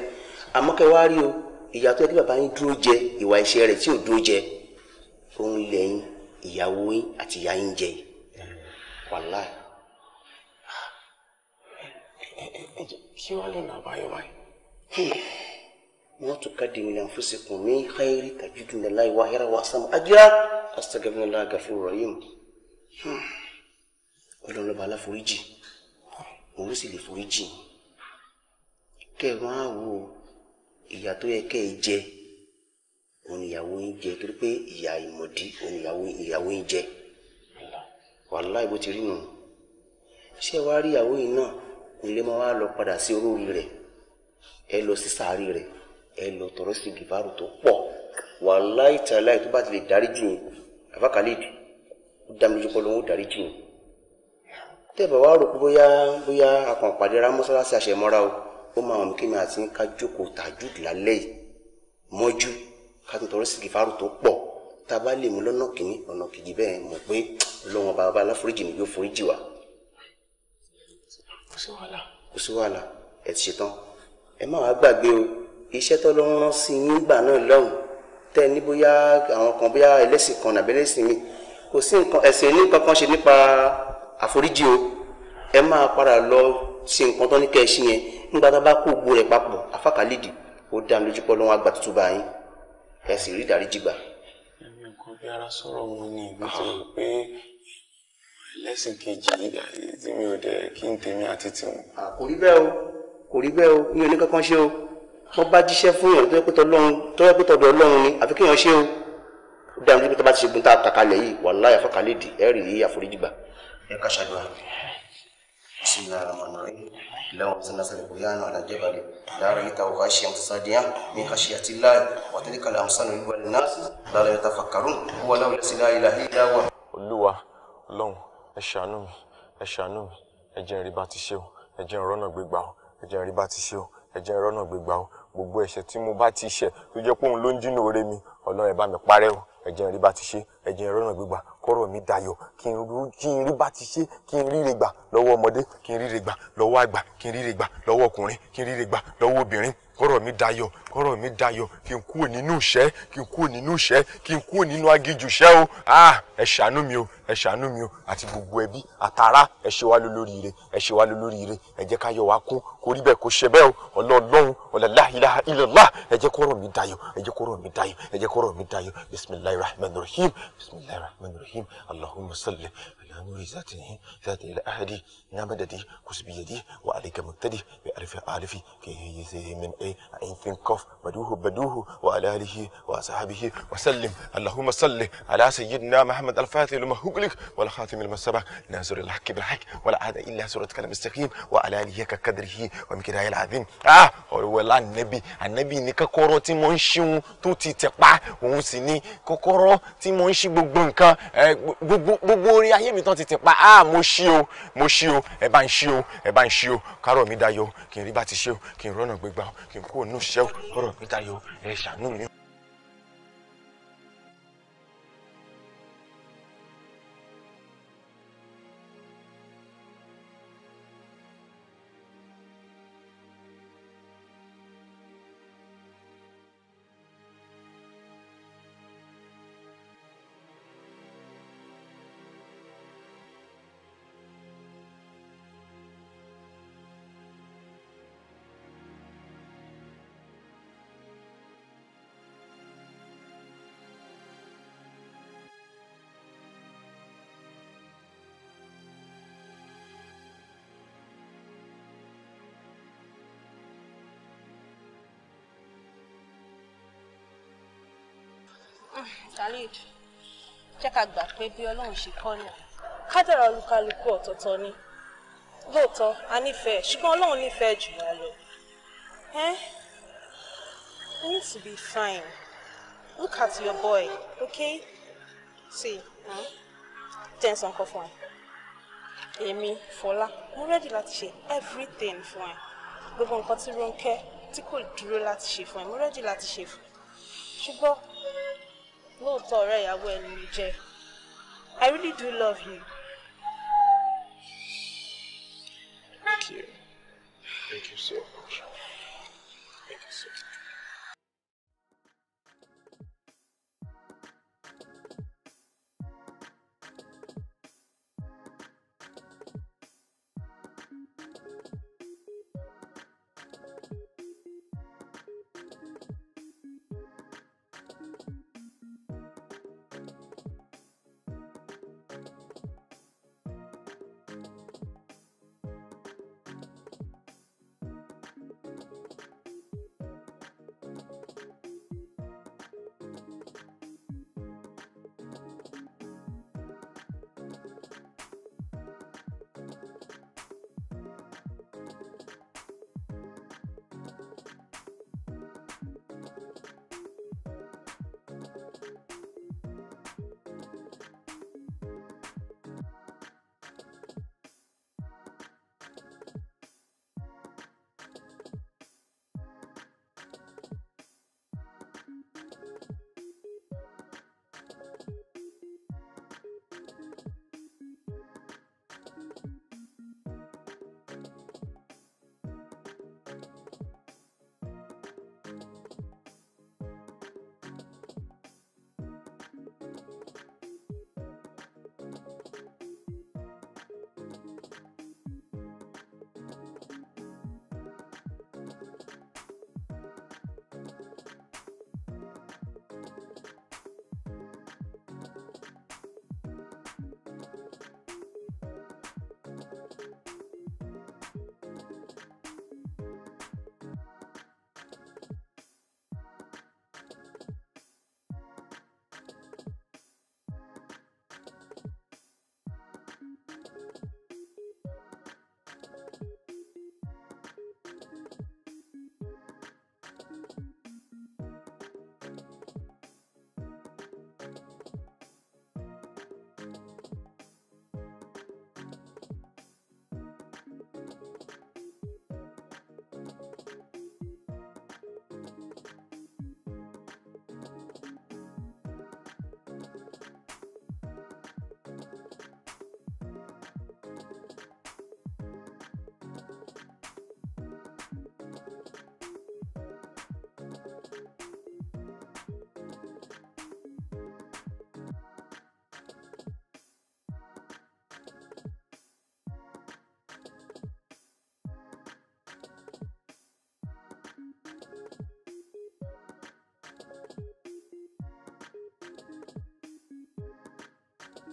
àmọ́ kẹ́ wáá rí o ìyá tó yẹ kí bàbá yín dúró jẹ ìwà iṣẹ́ rẹ̀ tí ò dúró jẹ òun lẹ́yìn ìyàwó yín àti ìyá yín jẹ wàhálà. kí wàá lọ́nà àbáyọ báyìí. wọ́n tún ká dèmi náà fún sẹ́kùn ní káyérí tàjú dùn náà láì wáhẹ́rẹ́ wàásù àmọ́ àjẹ́ àṣàgàfẹ́ náà láàgàfẹ́ rọ̀ yìí ọlọ́run lọ́ba aláforíjì òun sì lè foríjì kẹ́ ẹ máa wo ìyà tó yẹ kẹ́ ẹ jẹ òun ìyàwó yín jẹ torí pé ìyà ìmọ̀dí òun ìyàwó yín jẹ wàláì bó ti rí nù ṣé ẹ wá rí ìyàwó yìí náà nílé máa wá lọ padà sí olórí rẹ ẹ lọ sí sàárì rẹ ẹ lọ tọrọ sí gìbárù tó pọ̀ wàláì tàláì tó bá ti lè dárí jù yín àbákálẹ̀ ìdí ó dá mi lójú pọ́ lóhun ó dárí jù yín tẹ́ẹ̀bà wá rò pé bóyá bóyá àkàn pàdé ra mọ́sálásí àṣẹmọ́ra o ó máa wọ̀n kí mi àti ń ká jókòó tàjúd lálẹ́ yìí mọ́jú ká tó tọrọ síkì fárò tó pọ̀ tá a bá lè mú lọ́nà kìíní ọ̀nà kejì bẹ́ẹ̀ mọ̀ pé lọ́wọ́n bàbá aláforíjì ni yóò foríjì wá. kò sí wàhálà. kò sí wàhálà ẹ ti ṣetán ẹ má wàá gbàgbé o iṣẹ́ tó lọ́ rán sí yín gbà náà lọ́hùn tẹ́ ní bóyá àwọn kan bóyá ẹlẹ́sìn kan nàbẹ́lẹ́sìn mi kò sí ẹ̀sìn ní kankan ṣe nípa àforíjì o ẹ máa padà lọ sí nǹkan tó ní kẹ́ ẹ ṣe yẹn nígbà tá a bá kó gbogbo rẹ̀ papọ̀ àfàkàlídì ó dá mi lójú pọ́ lọ́wọ́ àgbà tuntun bá yín ẹ sì rí ìdáríjì gbà. ẹ̀mí nǹkan bí ara sọ̀rọ̀ wọn ni nítorí pé ẹlẹ́sìn kejì tí mi ò dẹ̀ kí n tèmi àti tiwọn. kò rí bẹ́ẹ̀ o kò rí bẹ́ẹ̀ o mi ò ní kankan ṣe o wọ́n bá jíṣẹ́ fún yàn tó yẹ pé ọlọ́run ni àfi kéèyàn ṣe o ó dá mi lójú pé tó bá ti ṣe gbọ́n tá a kàkalẹ̀ yìí wàláyà fọ́kàlẹ́dì يا كشدوان بسم الله الرحمن الرحيم اللهم صل وسلم على جبل لا رأيته غاشيا متصديا من خشية الله وتلك الأمثال يبقى للناس لا يتفكرون هو لو لا إله إلا هو Olúwa Ọlọ́run ẹ ṣàánú mi ẹ ṣàánú mi ẹ jẹ́ bá ti ṣe o ẹ jẹ́ rọ́nà gbégbá o ẹ jẹ́ bá ti ṣe o ẹ jẹ́ rọ́nà gbégbá o gbogbo ẹ̀ṣẹ̀ tí mo bá ti ṣẹ̀ tó jẹ́ pé òun ló ń jìnnà oore mi Ọlọ́run ẹ bá mi parẹ́ o ẹ jẹ́ bá ti ṣe ẹ̀jẹ̀ ìrọ́nà gbígbà kọ́rọ̀ mi dayọ̀ kí n rí bá ti ṣe kí n ríre gbà lọ́wọ́ ọmọdé kí n ríre gbà lọ́wọ́ àgbà kí n ríre gbà lọ́wọ́ ọkùnrin kí n ríre gbà lọ́wọ́ obìnrin kọ́rọ̀ mi dayọ̀ kọ́rọ̀ mi dayọ̀ kí n kúrò nínú ìṣẹ́ kí n kúrò nínú ìṣẹ́ kí n kúrò nínú agijù ìṣẹ́ o ẹ ṣàánú mi o ẹ ṣàánú mi o àti gbogbo ẹbí àtàrà ẹ ṣe wá lólóríire ẹ ṣe wá lólóríire ẹ jẹ́ ká yọ wá kún kó rí bẹ́ẹ̀ kó ṣe bẹ́ẹ̀ o ọlọ́ọ̀lọ́hún ọ̀làlá ilàlá ẹ jẹ́ kọ́rọ̀ mi dayọ̀ ẹ jẹ́ kọ́rọ̀ mi dayọ̀ ẹ jẹ́ kọ́rọ̀ mi dayọ̀ bismillahirrahmanirrahim بسم الله الرحمن الرحيم اللهم صل لامي ذاته ذات الأحد نمددي كس بيدي وعليك مقتدي بألف ألف كي هي من أي عين كف بدوه بدوه وعلى آله وصحبه وسلم اللهم صل على سيدنا محمد الفاتح لما هقلك والخاتم المسبق ناصر الحق بالحق ولا عاد إلا سورتك المستقيم وعلى آله كقدره ومكداه العظيم آه والله النبي النبي نكا كورو تيمونشيو توتي تقبع ومسيني كوكورو تيمونشي بقبنكا بقبوري آه، أحيامي níbi tán ti ti pa ah mo ṣí o mo ṣí o ẹ bá ń ṣí o ẹ bá ń ṣí o kárọ̀ mi dayọ̀ kí n rí bá ti ṣe o kí n rọ́nà gbégbá o kí n kúrò nínú ṣẹ́ o kárọ̀ mi dayọ̀ ẹ ṣàánú mi. Khalid jẹ́ ká gbà pé bí Ọlọ́run ṣe kọ́ ni kádàrá olúkálukú ọ̀tọ̀ọ̀tọ̀ ni lóòótọ́ a nífẹ̀ẹ́ ṣùgbọ́n Ọlọ́run nífẹ̀ẹ́ jù wá lọ. Eh? You need to be fine. Look at your boy, okay? See, huh? Thanks, Uncle Fun. Èmi, Fọlá, mo ready láti ṣe everything fún ẹ. Gbogbo nǹkan tí Rónkẹ́ tí kò dúró láti ṣe fún ẹ, mo ready láti ṣe fún ẹ. Ṣùgbọ́n lóòótọ́ ọ̀rẹ́ ìyàwó ẹ̀ ló jẹ́ I really do love you. Thank you. Thank you so much. Thank you.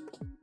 thank you